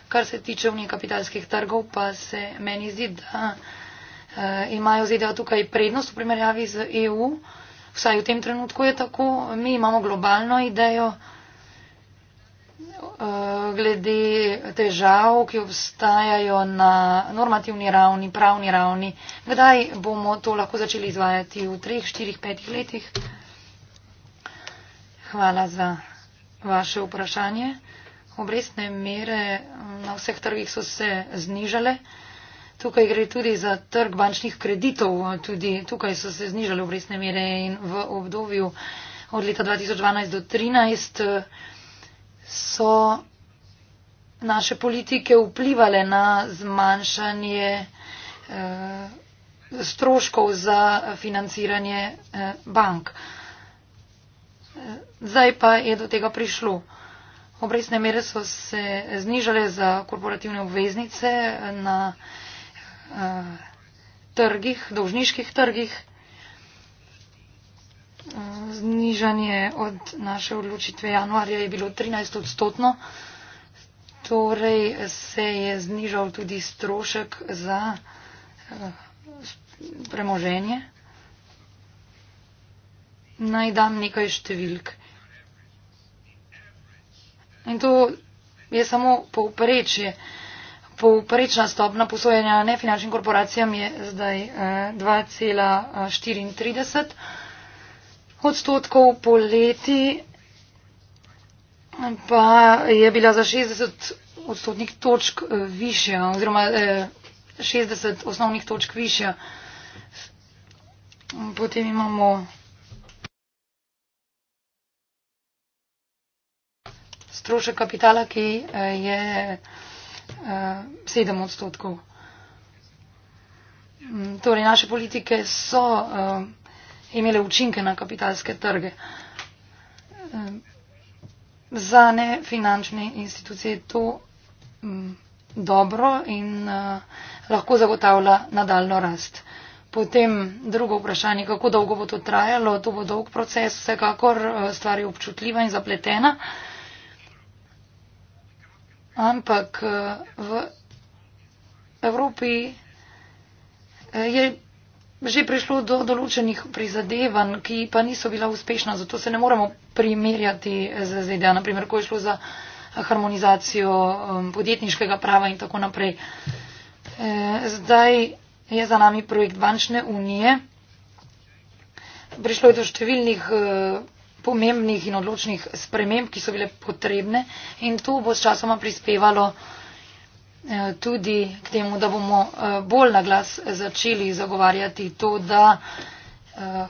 S3: kar se tiče unije kapitalskih trgov, pa se meni zdi, da uh, imajo ZDA tukaj prednost v primerjavi z EU. Vsaj v tem trenutku je tako. Mi imamo globalno idejo uh, glede težav, ki obstajajo na normativni ravni, pravni ravni. Kdaj bomo to lahko začeli izvajati? V treh, štirih, petih letih? Hvala za vaše vprašanje. Obrestne mere mm, na vseh trgih so se znižale. Tukaj gre tudi za trg bančnih kreditov. Tudi tukaj so se znižale obrestne mere in v obdobju od leta 2012 do 2013 so naše politike vplivale na zmanjšanje eh, stroškov za financiranje eh, bank. Zdaj pa je do tega prišlo. Obrestne mere so se znižale za korporativne obveznice na eh, trgih, dolžniških trgih. Znižanje od naše odločitve januarja je bilo 13 odstotno, torej se je znižal tudi strošek za eh, premoženje naj dam nekaj številk. In to je samo povprečje. Povprečna stopna posojanja nefinančnim korporacijam je zdaj 2,34 eh, eh, odstotkov po leti, pa je bila za 60 odstotnih točk eh, višja oziroma 60 osnovnih točk višja. Potem imamo strošek kapitala, ki eh, je 7 eh, odstotkov. Mm, torej, naše politike so eh, imele učinke na kapitalske trge. Za nefinančne institucije je to mm, dobro in lahko zagotavlja nadaljno rast. Potem drugo vprašanje, kako dolgo bo to trajalo, to bo dolg proces, vsekakor stvar je občutljiva in zapletena ampak eh, v Evropi eh, je že prišlo do določenih prizadevanj, ki pa niso bila uspešna, zato se ne moremo primerjati z ZDA. Naprimer, ko je šlo za harmonizacijo um, podjetniškega prava in tako naprej. Eh, zdaj je za nami projekt bančne unije. Prišlo je do številnih pomembnih in odločnih sprememb, ki so bile potrebne in to bo s časoma prispevalo eh, tudi k temu, da bomo eh, bolj na glas začeli zagovarjati to, da eh,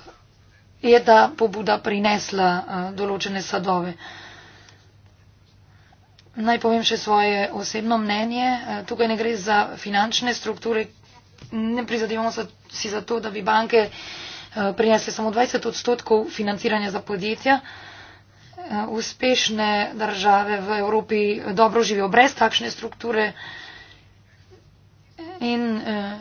S3: je ta pobuda prinesla določene sadove. Naj povem še svoje osebno mnenje. Tukaj ne gre za finančne strukture. Ne prizadevamo si za to, da bi banke Eh, prinesli samo 20 odstotkov financiranja za podjetja. Eh, uspešne države v Evropi dobro živijo brez takšne strukture in eh,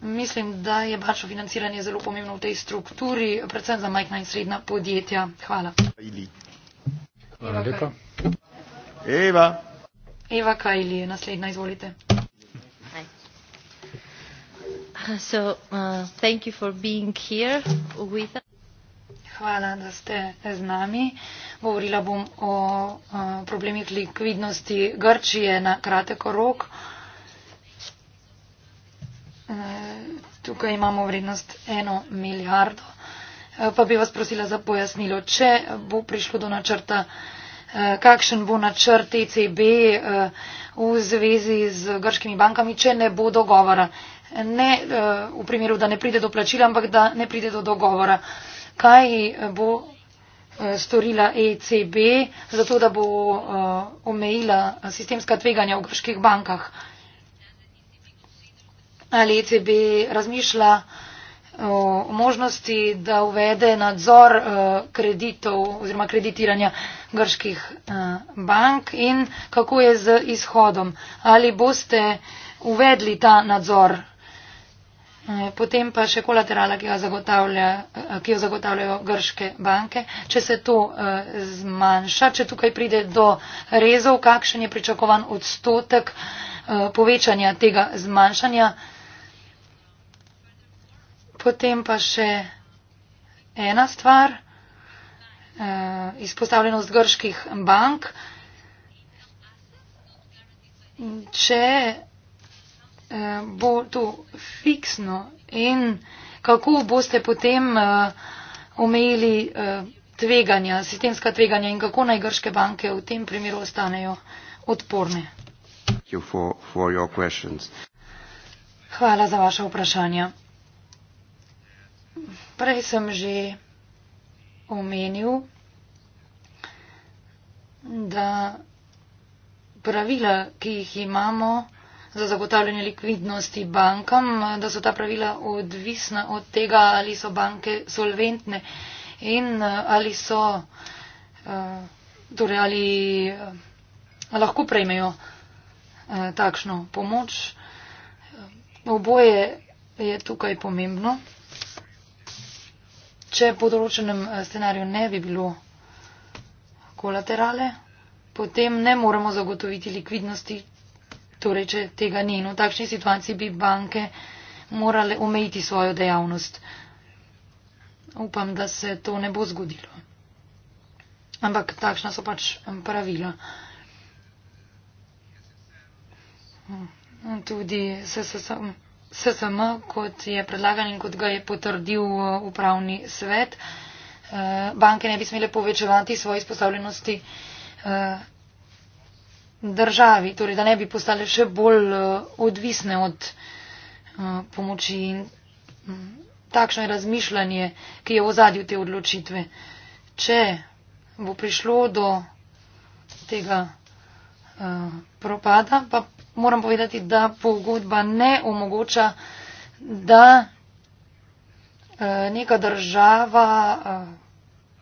S3: mislim, da je bančno financiranje zelo pomembno v tej strukturi, predvsem za majhna in srednja podjetja. Hvala.
S1: Hvala lepa. Eva.
S3: Eva Kajli je naslednja, izvolite. So, uh, thank you for being here with us. Hvala, da ste z nami. Govorila bom o uh, problemih likvidnosti Grčije na kratek rok. Uh, tukaj imamo vrednost eno milijardo. Uh, pa bi vas prosila za pojasnilo, če bo prišlo do načrta, uh, kakšen bo načrt ECB, v zvezi z grškimi bankami, če ne bo dogovora. Ne eh, v primeru, da ne pride do plačila, ampak da ne pride do dogovora. Kaj bo eh, storila ECB, zato da bo eh, omejila sistemska tveganja v grških bankah? Ali ECB razmišlja, o možnosti, da uvede nadzor e, kreditov oziroma kreditiranja grških e, bank in kako je z izhodom. Ali boste uvedli ta nadzor, e, potem pa še kolaterala, ki jo, zagotavlja, ki jo zagotavljajo grške banke, če se to zmanjša, če tukaj pride do rezov, kakšen je pričakovan odstotek povečanja tega zmanjšanja. Potem pa še ena stvar, eh, izpostavljenost grških bank. Če eh, bo to fiksno in kako boste potem eh, omejili tveganja, sistemska tveganja in kako naj grške banke v tem primeru ostanejo odporne.
S1: For, for
S3: Hvala za vaše vprašanje prej sem že omenil, da pravila, ki jih imamo za zagotavljanje likvidnosti bankam, da so ta pravila odvisna od tega, ali so banke solventne in ali so, eh, torej ali eh, lahko prejmejo eh, takšno pomoč. Oboje je tukaj pomembno če po določenem eh, scenariju ne bi bilo kolaterale, potem ne moremo zagotoviti likvidnosti, torej če tega ni. In v takšni situaciji bi banke morale omejiti svojo dejavnost. Upam, da se to ne bo zgodilo. Ampak takšna so pač pravila. Hm. Tudi se sam. Se, SSM, kot je predlagan in kot ga je potrdil uh, upravni svet. Uh, banke ne bi smele povečevati svoje izpostavljenosti uh, državi, torej da ne bi postale še bolj odvisne od pomoči in mm, takšno je razmišljanje, ki je v zadju te odločitve. Če bo prišlo do tega uh, propada, pa moram povedati, da pogodba ne omogoča, da uh, neka država uh,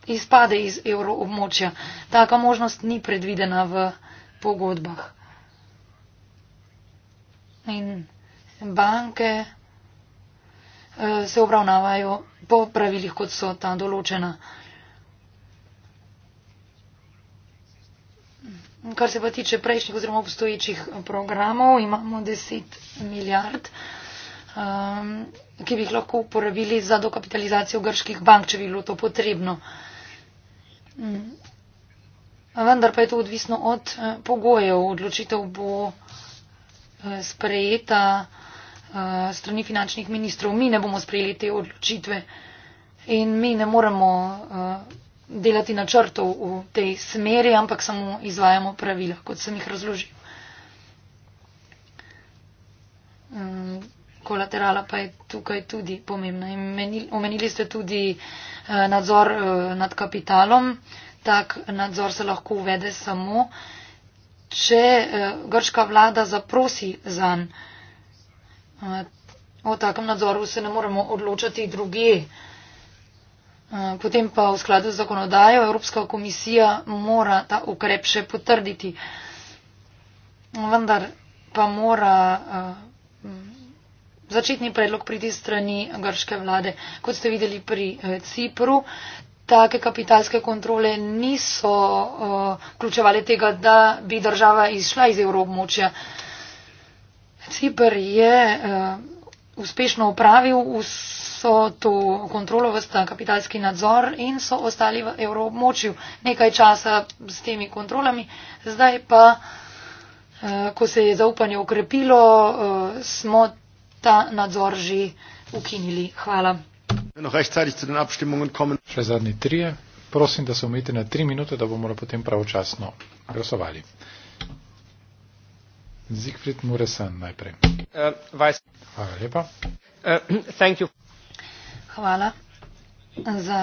S3: izpade iz evroobmočja. Taka možnost ni predvidena v pogodbah. In banke uh, se obravnavajo po pravilih, kot so ta določena. kar se pa tiče prejšnjih oziroma obstoječih eh, programov, imamo 10 milijard, um, ki bi jih lahko uporabili za dokapitalizacijo grških bank, če bi bilo to potrebno. Um, vendar pa je to odvisno od uh, pogojev. Odločitev bo uh, sprejeta uh, strani finančnih ministrov. Mi ne bomo sprejeli te odločitve in mi ne moremo. Uh, delati načrtov v tej smeri, ampak samo izvajamo pravila, kot sem jih razložil. Mm, kolaterala pa je tukaj tudi pomembna. Omenili ste tudi eh, nadzor eh, nad kapitalom. Tak nadzor se lahko uvede samo, če eh, grška vlada zaprosi za njega. O takem nadzoru se ne moremo odločati drugi. Uh, Eh, potem pa v skladu z zakonodajo Evropska komisija mora ta ukrep še potrditi. Vendar pa mora eh, začetni predlog priti strani grške vlade. Kot ste videli pri eh, Cipru, take kapitalske kontrole niso vključevali tega, da bi država izšla iz evroobmočja. Cipr je uspešno upravil vso to kontrolo, vsta kapitalski nadzor in so ostali v evroobmočju nekaj časa s temi kontrolami. Zdaj pa, eh, ko se je zaupanje ukrepilo, eh, smo ta nadzor že ukinili. Hvala.
S2: Še zadnji trije. Prosim, da se umete na tri minute, da bomo potem pravočasno glasovali. Zigfrid Muresan najprej. Eh, Hvala
S1: lepa. Eh,
S3: Hvala za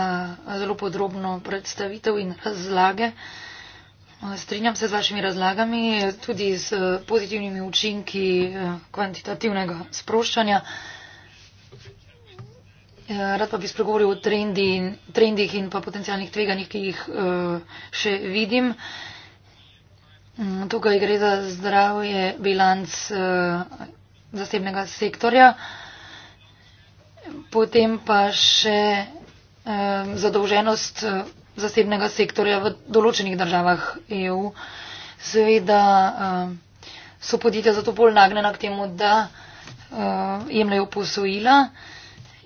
S3: zelo podrobno predstavitev in razlage. Eh, strinjam se z vašimi razlagami, tudi s pozitivnimi učinki kvantitativnega sproščanja. Rad pa bi spregovoril o trendi, trendih in pa potencijalnih tveganjih, ki jih še vidim. Mm, tukaj gre za zdravje bilanc eh, zasebnega sektorja, potem pa še eh, zadolženost eh, zasebnega sektorja v določenih državah EU. Seveda so podjetja zato bolj nagnjena k temu, da jemljajo posojila.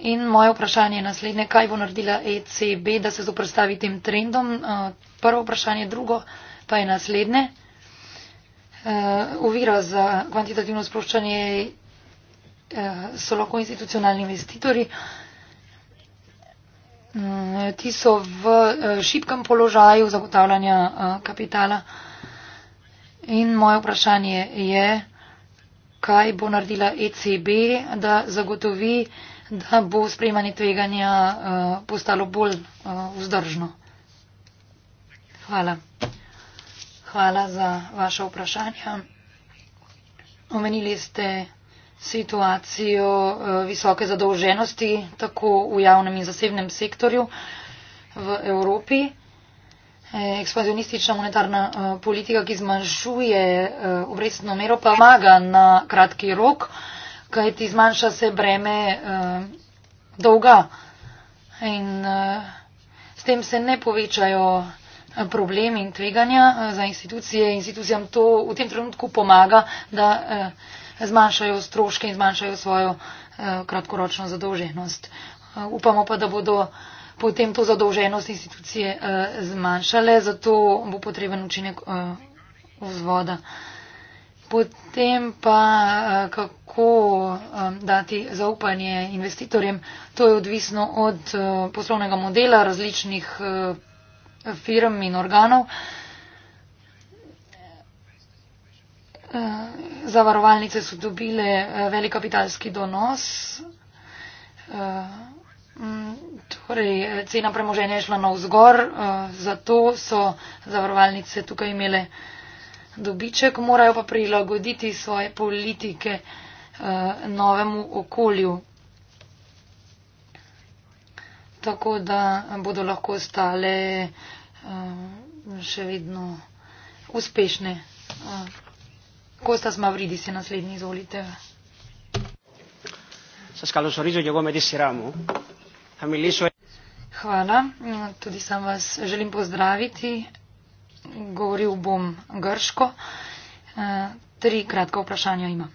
S3: In moje vprašanje je naslednje, kaj bo naredila ECB, da se zoprstavi tem trendom. Prvo vprašanje, drugo pa je naslednje. Eh, ovira za kvantitativno sproščanje eh, so lahko institucionalni investitorji. Mm, ti so v eh, šipkem položaju zagotavljanja kapitala. In moje vprašanje je, kaj bo naredila ECB, da zagotovi, da bo sprejmanje tveganja postalo bolj vzdržno. Hvala. Hvala za vaše vprašanje. Omenili ste situacijo eh, visoke zadolženosti tako v javnem in zasebnem sektorju v Evropi. Eh, ekspanzionistična monetarna eh, politika, ki zmanjšuje obrestno mero, pa maga na kratki rok, kajti zmanjša se breme dolga in s tem se ne povečajo problemi in tveganja eh, za institucije. Institucijam to v tem trenutku pomaga, da eh, zmanjšajo stroške in zmanjšajo svojo eh, kratkoročno zadolženost. Upamo pa, da bodo potem to zadolženost institucije zmanjšale, zato bo potreben učinek vzvoda. Potem pa kako dati zaupanje investitorjem, to je odvisno od poslovnega modela, različnih firm in organov, eh, zavarovalnice so dobile eh, velikapitalski donos, eh, torej cena premoženja je šla na vzgor, zato so zavarovalnice tukaj imele dobiček, morajo pa prilagoditi svoje politike novemu okolju tako da bodo lahko ostale eh, še vedno uspešne. Eh, Kostas Mavridis je naslednji, izvolite. Hvala, tudi sam vas želim pozdraviti. Govoril bom grško. Eh, tri kratka vprašanja imam.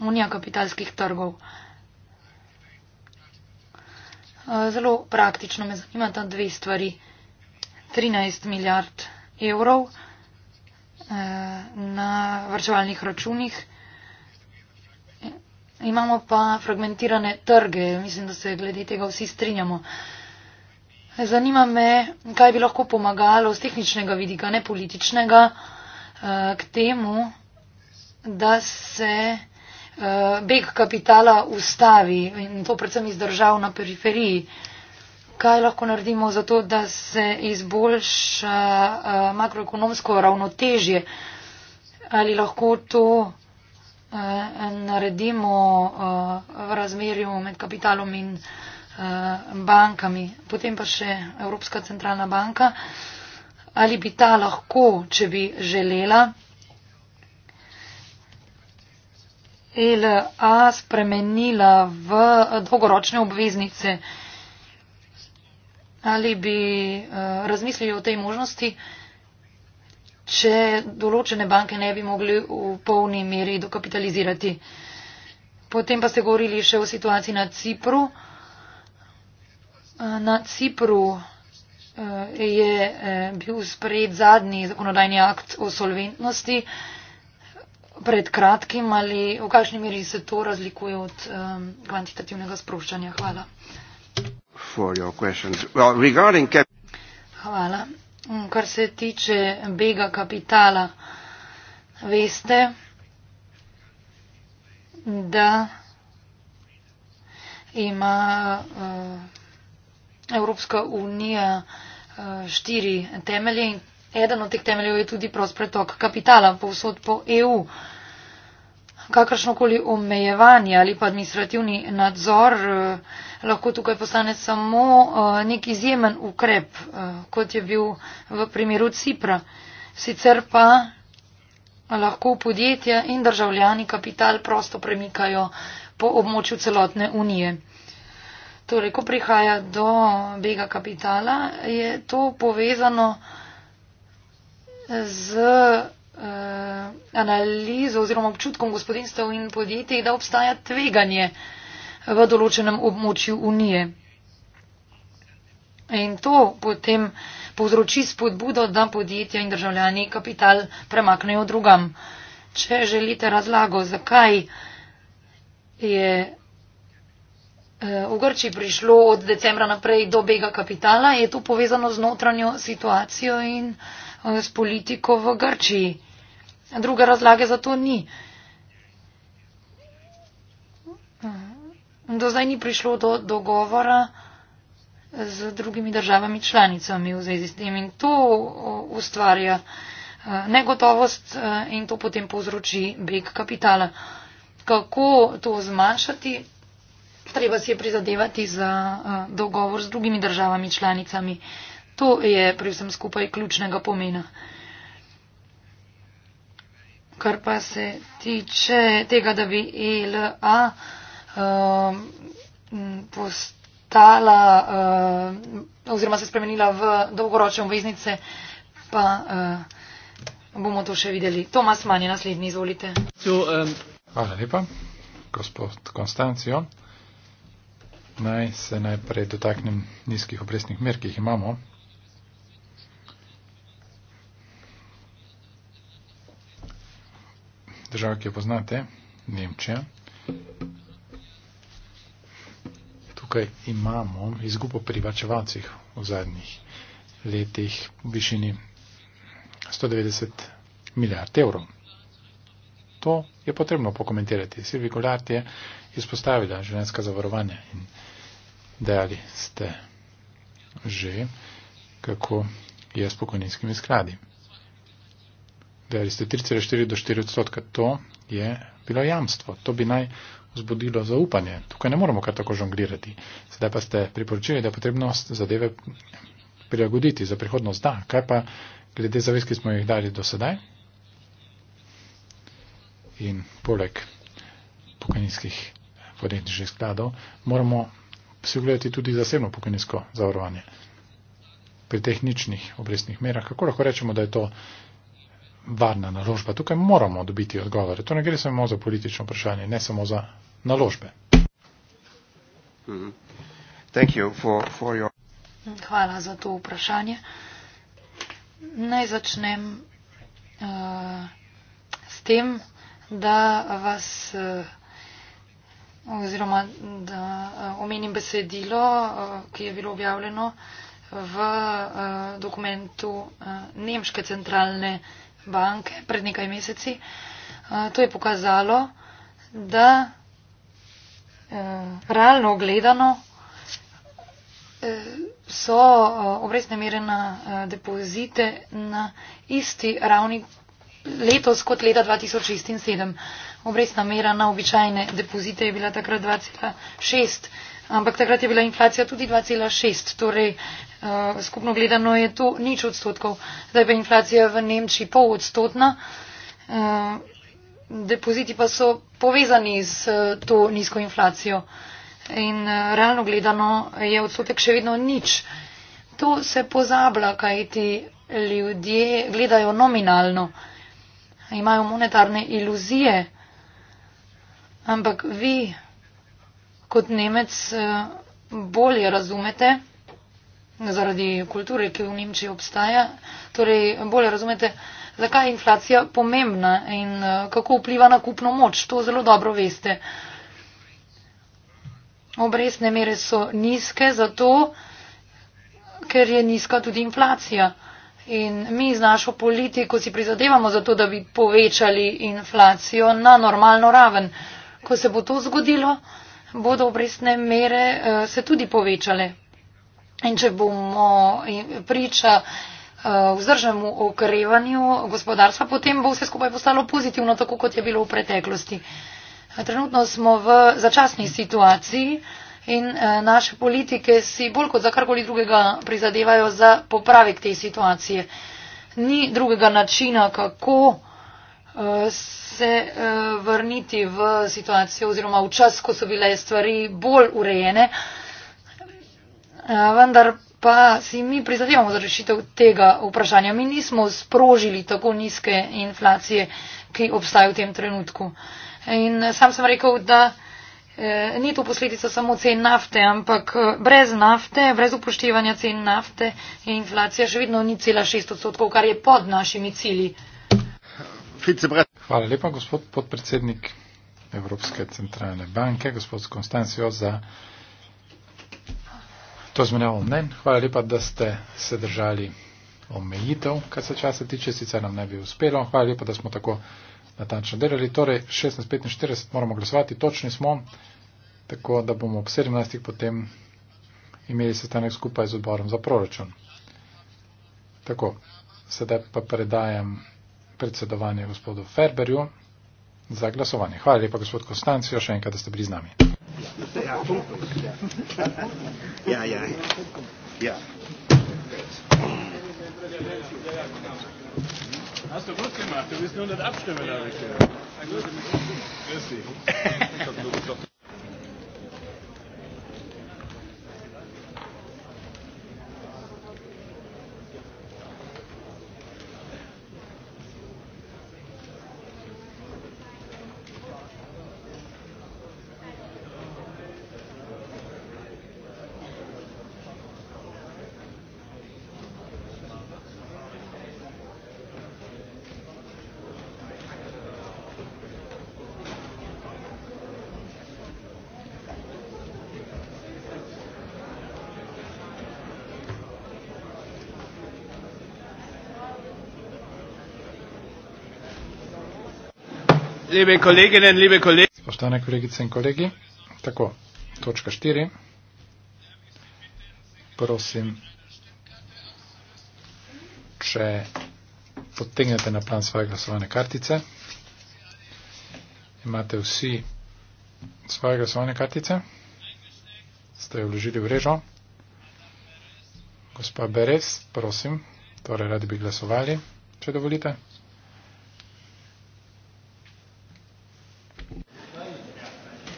S3: Unija kapitalskih trgov. Zelo praktično me zanimata dve stvari. 13 milijard evrov eh, na vrčevalnih računih. Imamo pa fragmentirane trge, mislim, da se glede tega vsi strinjamo. Zanima me, kaj bi lahko pomagalo z tehničnega vidika, ne političnega, eh, k temu, da se. Eh, beg kapitala ustavi in to predvsem iz držav na periferiji. Kaj lahko naredimo za to, da se izboljša eh, makroekonomsko ravnotežje? Ali lahko to eh, naredimo v razmerju med kapitalom in bankami? Potem pa še Evropska centralna banka. Ali bi ta lahko, če bi želela, LA spremenila v dolgoročne obveznice. Ali bi eh, razmislili o tej možnosti, če določene banke ne bi mogli v polni meri dokapitalizirati. Potem pa ste govorili še o situaciji na Cipru. Eh, na Cipru eh, je bil sprejet zadnji zakonodajni akt o solventnosti pred kratkim ali v kakšni meri se to razlikuje od um, kvantitativnega sproščanja? Hvala.
S1: Well,
S3: Hvala. Mm, kar se tiče bega kapitala, veste, da ima uh, Evropska unija uh, štiri temelje in Eden od teh temeljev je tudi prost pretok kapitala povsod po EU. Kakršnokoli omejevanje ali pa administrativni nadzor eh, lahko tukaj postane samo eh, nek izjemen ukrep, eh, kot je bil v primeru Cipra. Sicer pa lahko podjetja in državljani kapital prosto premikajo po območju celotne unije. Torej, ko prihaja do bega kapitala, je to povezano z uh, analizo oziroma občutkom gospodinstv in podjetij, da obstaja tveganje v določenem območju Unije. In to potem povzroči spodbudo, da podjetja in državljani kapital premaknejo drugam. Če želite razlago, zakaj je eh, v Grči prišlo od decembra naprej do bega kapitala, je to povezano z notranjo situacijo in uh, Eh, s politiko v Grčiji. Druge razlage za to ni. Do zdaj ni prišlo do dogovora z drugimi državami članicami v zvezi s tem in to eh, ustvarja eh, negotovost in to potem povzroči beg kapitala. Kako to zmanjšati? Treba si je prizadevati za dogovor z drugimi državami članicami. To je pri vsem skupaj ključnega pomena. Kar pa se tiče tega, da bi ELA um, postala um, oziroma se spremenila v dolgoročne obveznice, pa um, bomo to še videli. Tomas Manje, naslednji, izvolite.
S2: Um, Hvala lepa, gospod Konstancijo. Naj se najprej dotaknem nizkih obrestnih mer, ki jih imamo. država, ki jo poznate, Nemčija. Tukaj imamo izgubo privačevalcih v zadnjih letih v višini 190 milijard evrov. To je potrebno pokomentirati. Silvi Goljart je izpostavila življenjska zavarovanja in dejali ste že, kako je s pokojninskimi skladi dali ste 3,4 do 4 odstotka. To je bilo jamstvo. To bi naj vzbudilo zaupanje. Tukaj ne moramo kar tako žonglirati. Sedaj pa ste priporočili, da je potrebno zadeve prilagoditi za prihodnost. Da, kaj pa glede zavez, ki smo jih dali do sedaj? In poleg pokojninskih podjetniških skladov moramo si ogledati tudi zasebno pokojninsko zavarovanje pri tehničnih obrestnih merah. Kako lahko rečemo, da je to varna naložba. Tukaj moramo dobiti odgovore. To ne gre samo za politično vprašanje, ne samo za naložbe.
S3: Mhm. Hvala za to vprašanje. Naj začnem uh, s tem, da vas uh, oziroma da uh, omenim besedilo, uh, ki je bilo objavljeno v uh, dokumentu uh, Nemške centralne banke pred nekaj meseci. To je pokazalo, da e, realno gledano e, so e, obrestne mere na depozite na isti ravni letos kot leta 2006 in 2007. Obrestna mera na običajne depozite je bila takrat 2,6 ampak takrat je bila inflacija tudi 2,6, torej uh, skupno gledano je to nič odstotkov. Zdaj pa je inflacija v Nemčiji pol odstotna, uh, eh, depoziti pa so povezani z uh, eh, to nizko inflacijo in uh, realno gledano je odstotek še vedno nič. To se pozablja, kaj ti ljudje gledajo nominalno, imajo monetarne iluzije, ampak vi kot Nemec eh, bolje razumete, zaradi kulture, ki v Nemčiji obstaja, torej bolje razumete, zakaj je inflacija pomembna in eh, kako vpliva na kupno moč. To zelo dobro veste. Obrestne mere so nizke zato, ker je nizka tudi inflacija. In mi z našo politiko si prizadevamo za to, da bi povečali inflacijo na normalno raven. Ko se bo to zgodilo, bodo obrestne mere eh, se tudi povečale. In če bomo eh, priča eh, vzdržnemu okrevanju gospodarstva, potem bo vse skupaj postalo pozitivno, tako kot je bilo v preteklosti. Trenutno smo v začasni situaciji in naše politike si bolj kot za karkoli drugega prizadevajo za popravek te situacije. Ni drugega načina, kako Eh, se eh, vrniti v situacijo oziroma v čas, ko so bile stvari bolj urejene. Eh, vendar pa si mi prizadevamo za rešitev tega vprašanja. Mi nismo sprožili tako nizke inflacije, ki obstaja v tem trenutku. In sam sem rekel, da ni to posledica samo cen nafte, ampak brez nafte, brez upoštevanja cen nafte je inflacija še vedno ni cela 6 odstotkov, kar je pod našimi cilji
S2: vicepredsednik. Hvala lepa, gospod podpredsednik Evropske centralne banke, gospod Konstancijo, za to zmenjavo mnen. Hvala lepa, da ste se držali omejitev, kar se časa tiče, sicer nam ne bi uspelo. Hvala lepa, da smo tako natančno delali. Torej, 16.45 moramo glasovati, točni smo, tako da bomo ob 17. potem imeli sestanek skupaj z odborom za proračun. Tako, sedaj pa predajam predsedovanje gospodu Ferberju za glasovanje. Hvala lepa gospod Konstancijo, še enkrat, da ste bili z nami. Ja, ja, ja. ja.
S4: Hast du gut gemacht, du bist nur nicht abstimmen, habe ich gehört. Grüß dich.
S2: Liebe Kolleginnen, liebe Kollegen. Spoštovane kolegice in kolegi, tako, točka štiri. Prosim, če potegnete na plan svoje glasovane kartice. Imate vsi svoje glasovane kartice? Ste jo vložili v režo? Gospa Beres, prosim, torej radi bi glasovali, če dovolite.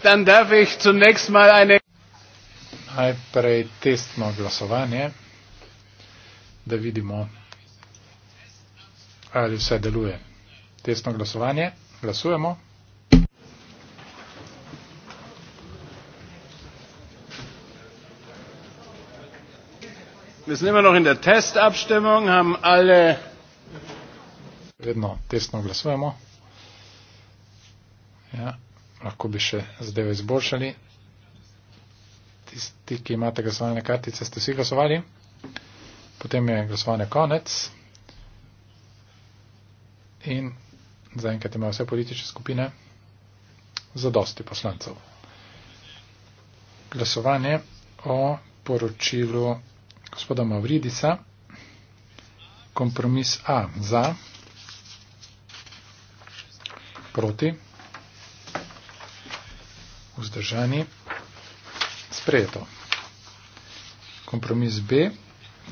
S2: Dann darf ich zunächst mal eine. Najprej testno glasovanje, da vidimo, ali vse deluje. Testno glasovanje, glasujemo. Wir sind immer noch in der Testabstimmung, haben alle. Vedno testno glasujemo. Ja lahko bi še zadevo izboljšali. Tisti, ki imate glasovalne kartice, ste vsi glasovali. Potem je glasovanje konec. In zaenkrat imajo vse politične skupine za dosti poslancev. Glasovanje o poročilu gospoda Mavridisa. Kompromis A za proti vzdržani, sprejeto. Kompromis B,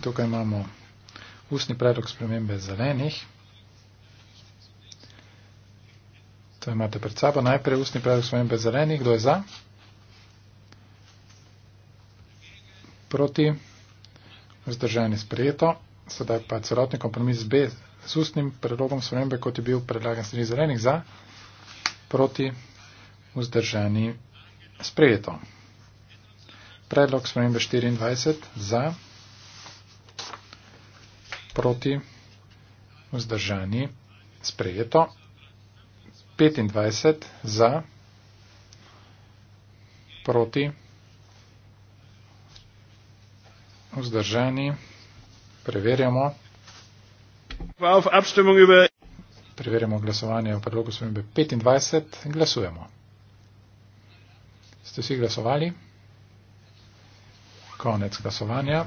S2: tukaj imamo ustni predlog spremembe zelenih. To imate pred sabo. Najprej ustni predlog spremembe zelenih. Kdo je za? Proti. Vzdržanje sprejeto. Sedaj pa celotni kompromis B z ustnim predlogom spremembe, kot je bil predlagan strani zelenih. Za? Proti. Vzdržanje. Sprejeto. Predlog spremembe 24 za, proti, vzdržani, sprejeto. 25 za, proti, vzdržani, preverjamo. Preverjamo glasovanje o predlogu spremembe 25, glasujemo. Ste vsi glasovali? Konec glasovanja.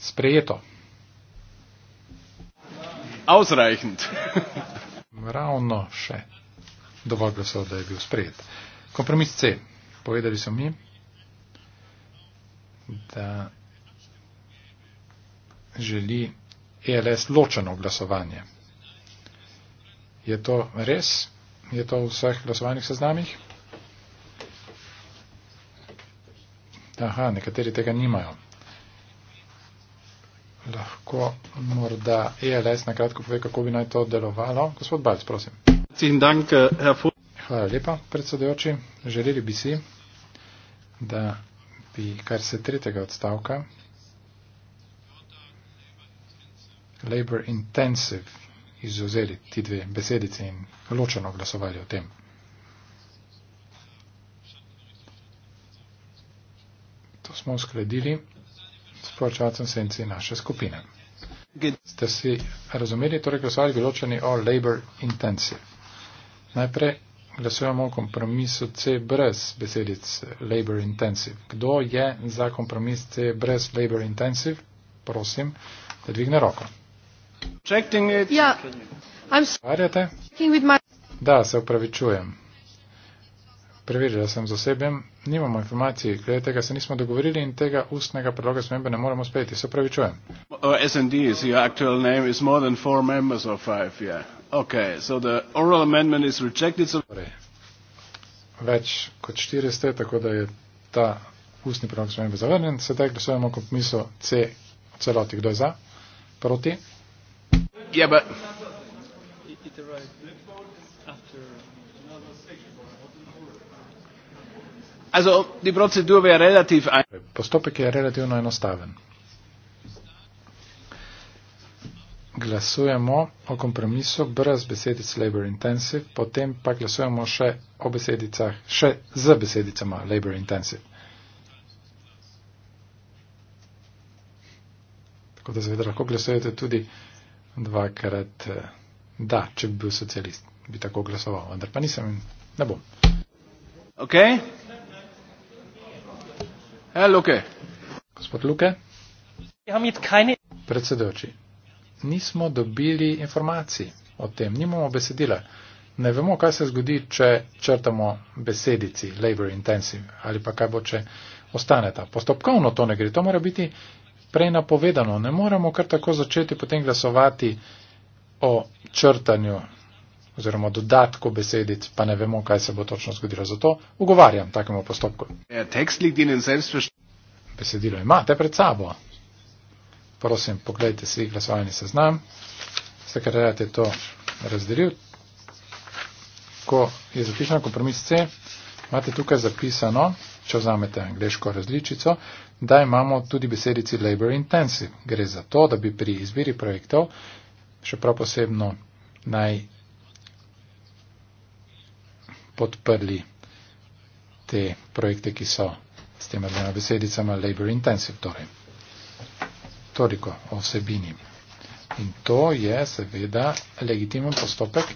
S2: Sprejeto. Ausreichend. Ravno še. Dovolj glasov, da je bil sprejet. Kompromis C. Povedali so mi, da želi ELS ločeno glasovanje. Je to res? Je to v vseh glasovanjih seznamih? Aha, nekateri tega nimajo. Lahko morda ELS na kratko pove, kako bi naj to delovalo. Gospod Balc, prosim. Eh, Hvala lepa, predsedojoči. Želeli bi si, da bi kar se tretjega odstavka labor intensive izuzeli ti dve besedici in ločeno glasovali o tem. To smo uskladili s pojačavacem senci naše skupine. Ste si razumeli, torej glasovali bi ločeni o labor intensive. Najprej glasujemo o kompromisu C brez besedic labor intensive. Kdo je za kompromis C brez labor intensive? Prosim, da dvigne roko. Yeah. Ja, da, se upravičujem. Preverila sem z osebjem, Nimamo informacij, glede tega se nismo dogovorili in tega ustnega predloga smembe ne moremo sprejeti. Se pravi, čujem. Uh, SND, your actual name is more than four members of five, yeah. Okay, so the oral amendment is rejected. So... Torej, več kot 400, tako da je ta ustni predlog smembe zavrnjen. Sedaj glasujemo kot miso C v celoti. Kdo je za? Proti? Yeah, but... it, it Postopek je relativno enostaven. Glasujemo o kompromisu brez besedic labor intensive, potem pa glasujemo še o besedicah, še z besedicama labor intensive. Tako da seveda lahko glasujete tudi dvakrat, eh, da, če bi bil socialist, bi tako glasoval, vendar pa nisem in ne bom. Okay. Herr eh, Luke. Gospod Luke. Predsedujoči, nismo dobili informacij o tem, nimamo besedila. Ne vemo, kaj se zgodi, če črtamo besedici labor intensive ali pa kaj bo, če ostane ta. Postopkovno to ne gre, to mora biti prej napovedano. Ne moramo kar tako začeti potem glasovati o črtanju oziroma dodatku besedic, pa ne vemo, kaj se bo točno zgodilo. Zato ugovarjam takemu postopku. Ja, Besedilo imate pred sabo. Prosim, pogledajte si glasovalni seznam. Sekretariat je to razdelil. Ko je zapisano kompromis C, imate tukaj zapisano, če vzamete angliško različico, da imamo tudi besedici labor intensive. Gre za to, da bi pri izbiri projektov, še prav posebno naj podprli te projekte, ki so s tem dvema besedicama labor intensive. Torej. Toliko o vsebini. In to je seveda legitimen postopek,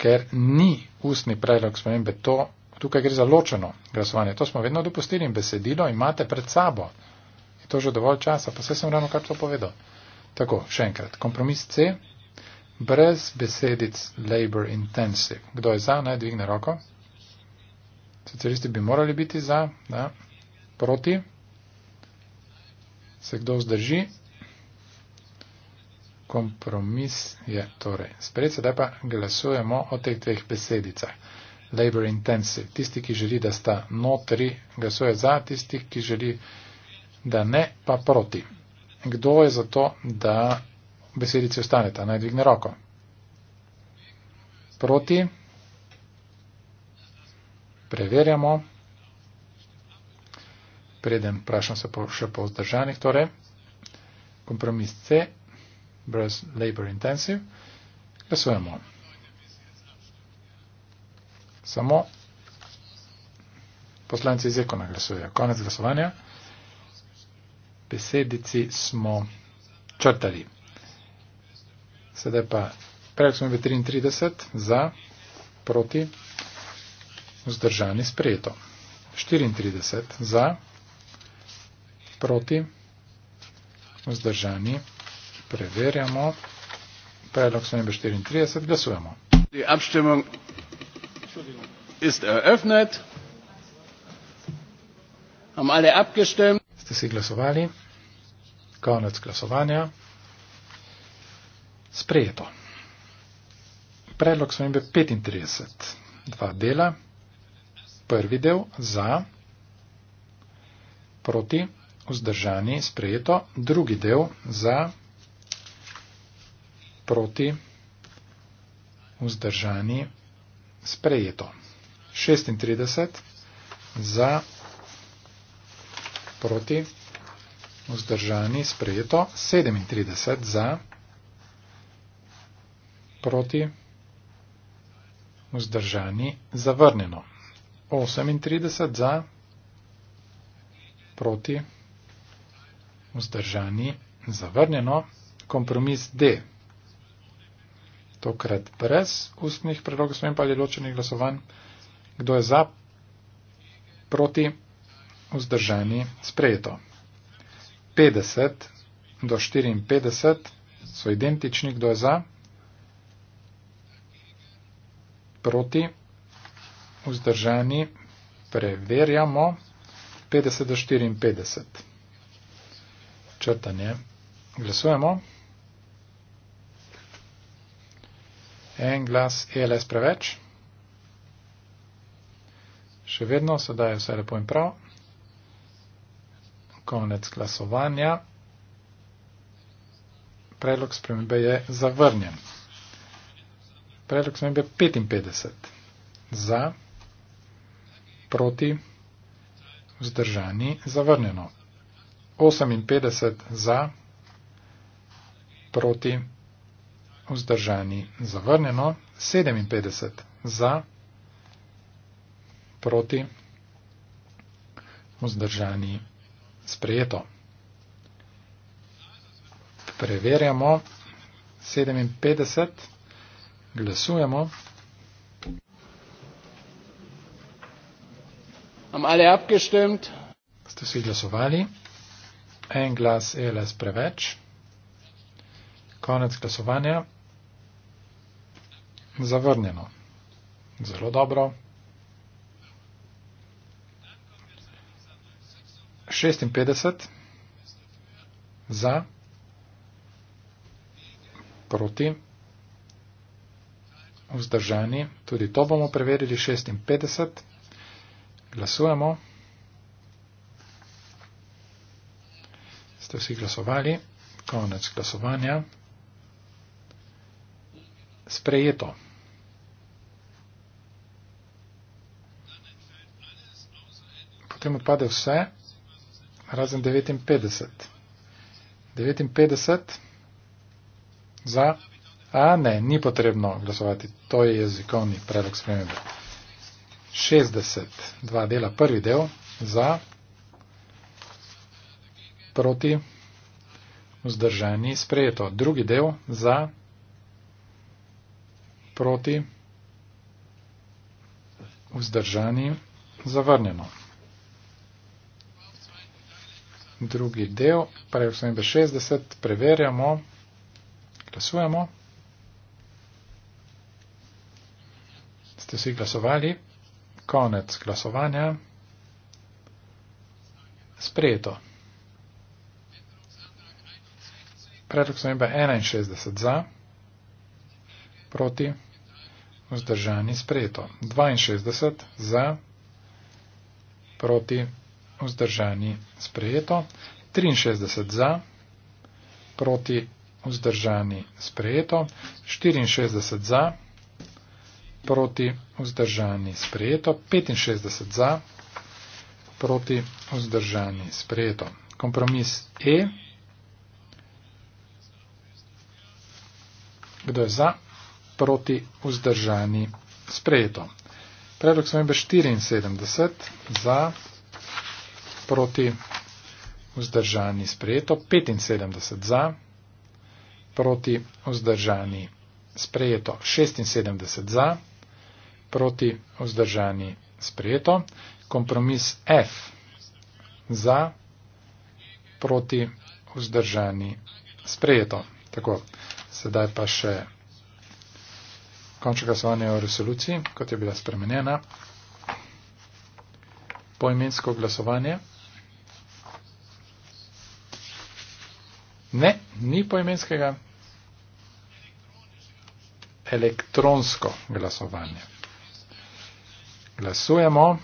S2: ker ni ustni predlog spremembe. To tukaj gre za ločeno glasovanje. To smo vedno dopustili in besedilo imate pred sabo. Je to že dovolj časa, pa se sem ravno kar to povedal. Tako, še enkrat. Kompromis C brez besedic labor intensive. Kdo je za, naj dvigne roko. Socialisti bi morali biti za, da, proti. Se kdo zdrži? Kompromis je torej. Sprej se, da pa glasujemo o teh dveh besedicah. Labor intensive. Tisti, ki želi, da sta notri, glasuje za, tisti, ki želi, da ne, pa proti. Kdo je za to, da besedici ostaneta, naj dvigne roko. Proti. Preverjamo. Preden vprašam se po, še po vzdržanih, torej. Kompromis C, brez labor intensive. Glasujemo. Samo poslanci iz Ekona glasujejo. Konec glasovanja. Besedici smo črtali. Sedaj pa preksujem v 33 za, proti, vzdržani sprejeto. 34 za, proti, vzdržani, preverjamo. Predlog so nebe 34, glasujemo. Die Abstimmung ist eröffnet. Haben alle abgestimmt? Ste si glasovali? Konec glasovanja sprejeto. Predlog smembe 35. Dva dela. Prvi del za, proti, vzdržani, sprejeto. Drugi del za, proti, vzdržani, sprejeto. 36. Za, proti, vzdržani, sprejeto. 37. Za, proti, vzdržani, sprejeto proti, vzdržani, zavrnjeno. 38 za, proti, vzdržani, zavrnjeno. Kompromis D. Tokrat brez ustnih predlogov smem pa ali ločenih glasovanj. Kdo je za, proti, vzdržani, sprejeto. 50 do 54 so identični, kdo je za. proti, vzdržani, preverjamo 50 do 54. Črtanje. Glasujemo. En glas ELS preveč. Še vedno sedaj je vse lepo in prav. Konec glasovanja. Predlog spremembe je zavrnjen predlog smembe 55 za proti vzdržani zavrnjeno. 58 za proti vzdržani zavrnjeno. 57 za proti vzdržani sprejeto. Preverjamo 57 za proti vzdržani zavrnjeno. Glasujemo. Ste vsi glasovali? En glas je les preveč. Konec glasovanja. Zavrnjeno. Zelo dobro. 56 za, proti vzdržani. Tudi to bomo preverili 56. Glasujemo. Ste vsi glasovali? Konec glasovanja. Sprejeto. Potem odpade vse, razen 59. 59 za. A ne, ni potrebno glasovati, to je jezikovni predlog spremembe. 60, dva dela, prvi del, za, proti, vzdržani, sprejeto. Drugi del, za, proti, vzdržani, zavrnjeno. Drugi del, predlog spremembe 60, preverjamo, glasujemo. ste si glasovali. Konec glasovanja. Sprejeto. Predlog so imba 61 za, proti, vzdržani sprejeto. 62 za, proti, vzdržani sprejeto. 63 za, proti, vzdržani sprejeto. 64 za, proti, vzdržani sprejeto proti vzdržani sprejeto, 65 za proti vzdržani sprejeto. Kompromis E. Kdo je za proti vzdržani sprejeto? Predlog smembe 74 za proti vzdržani sprejeto, 75 za proti vzdržani sprejeto, 76 za proti vzdržani sprejeto proti vzdržani sprejeto. Kompromis F za proti vzdržani sprejeto. Tako, sedaj pa še končno glasovanje o resoluciji, kot je bila spremenjena. Poimensko glasovanje. Ne, ni poimenskega. Elektronsko glasovanje. Glasujemo.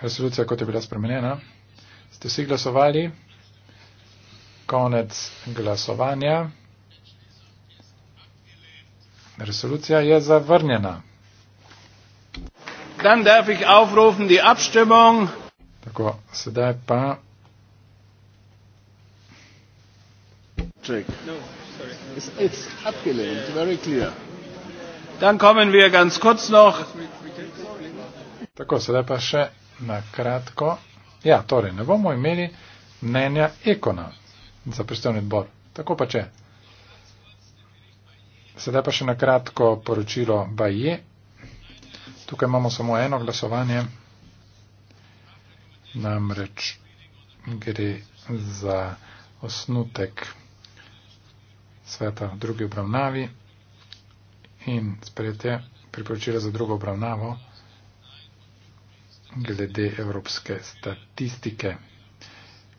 S2: Resolucija, kot je bila spremenjena. Ste vsi glasovali? Konec glasovanja. Resolucija je zavrnjena. Dan darf ich aufrufen die Abstimmung. Tako, sedaj pa. Trick.
S1: No, sorry.
S2: It's, it's abgelehnt, very clear. Yeah. Dann kommen wir ganz kurz noch. Tako, sedaj pa še na kratko. Ja, torej, ne bomo imeli mnenja ekona za pristojni odbor. Tako pa če. Sedaj pa še na kratko poročilo Baje. Tukaj imamo samo eno glasovanje. Namreč gre za osnutek sveta v drugi obravnavi in sprejete priporočila za drugo obravnavo glede evropske statistike.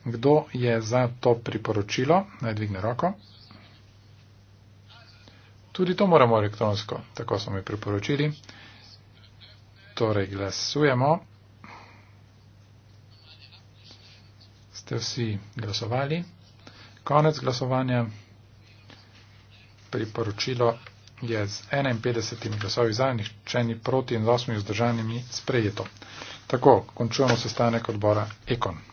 S2: Kdo je za to priporočilo? Naj dvigne roko. Tudi to moramo elektronsko, tako smo mi priporočili. Torej glasujemo. Ste vsi glasovali? Konec glasovanja. Priporočilo je z 51 glasovi za, ničeni proti in 8 vzdržanimi sprejeto. Tako končujemo sestanek odbora Ekon.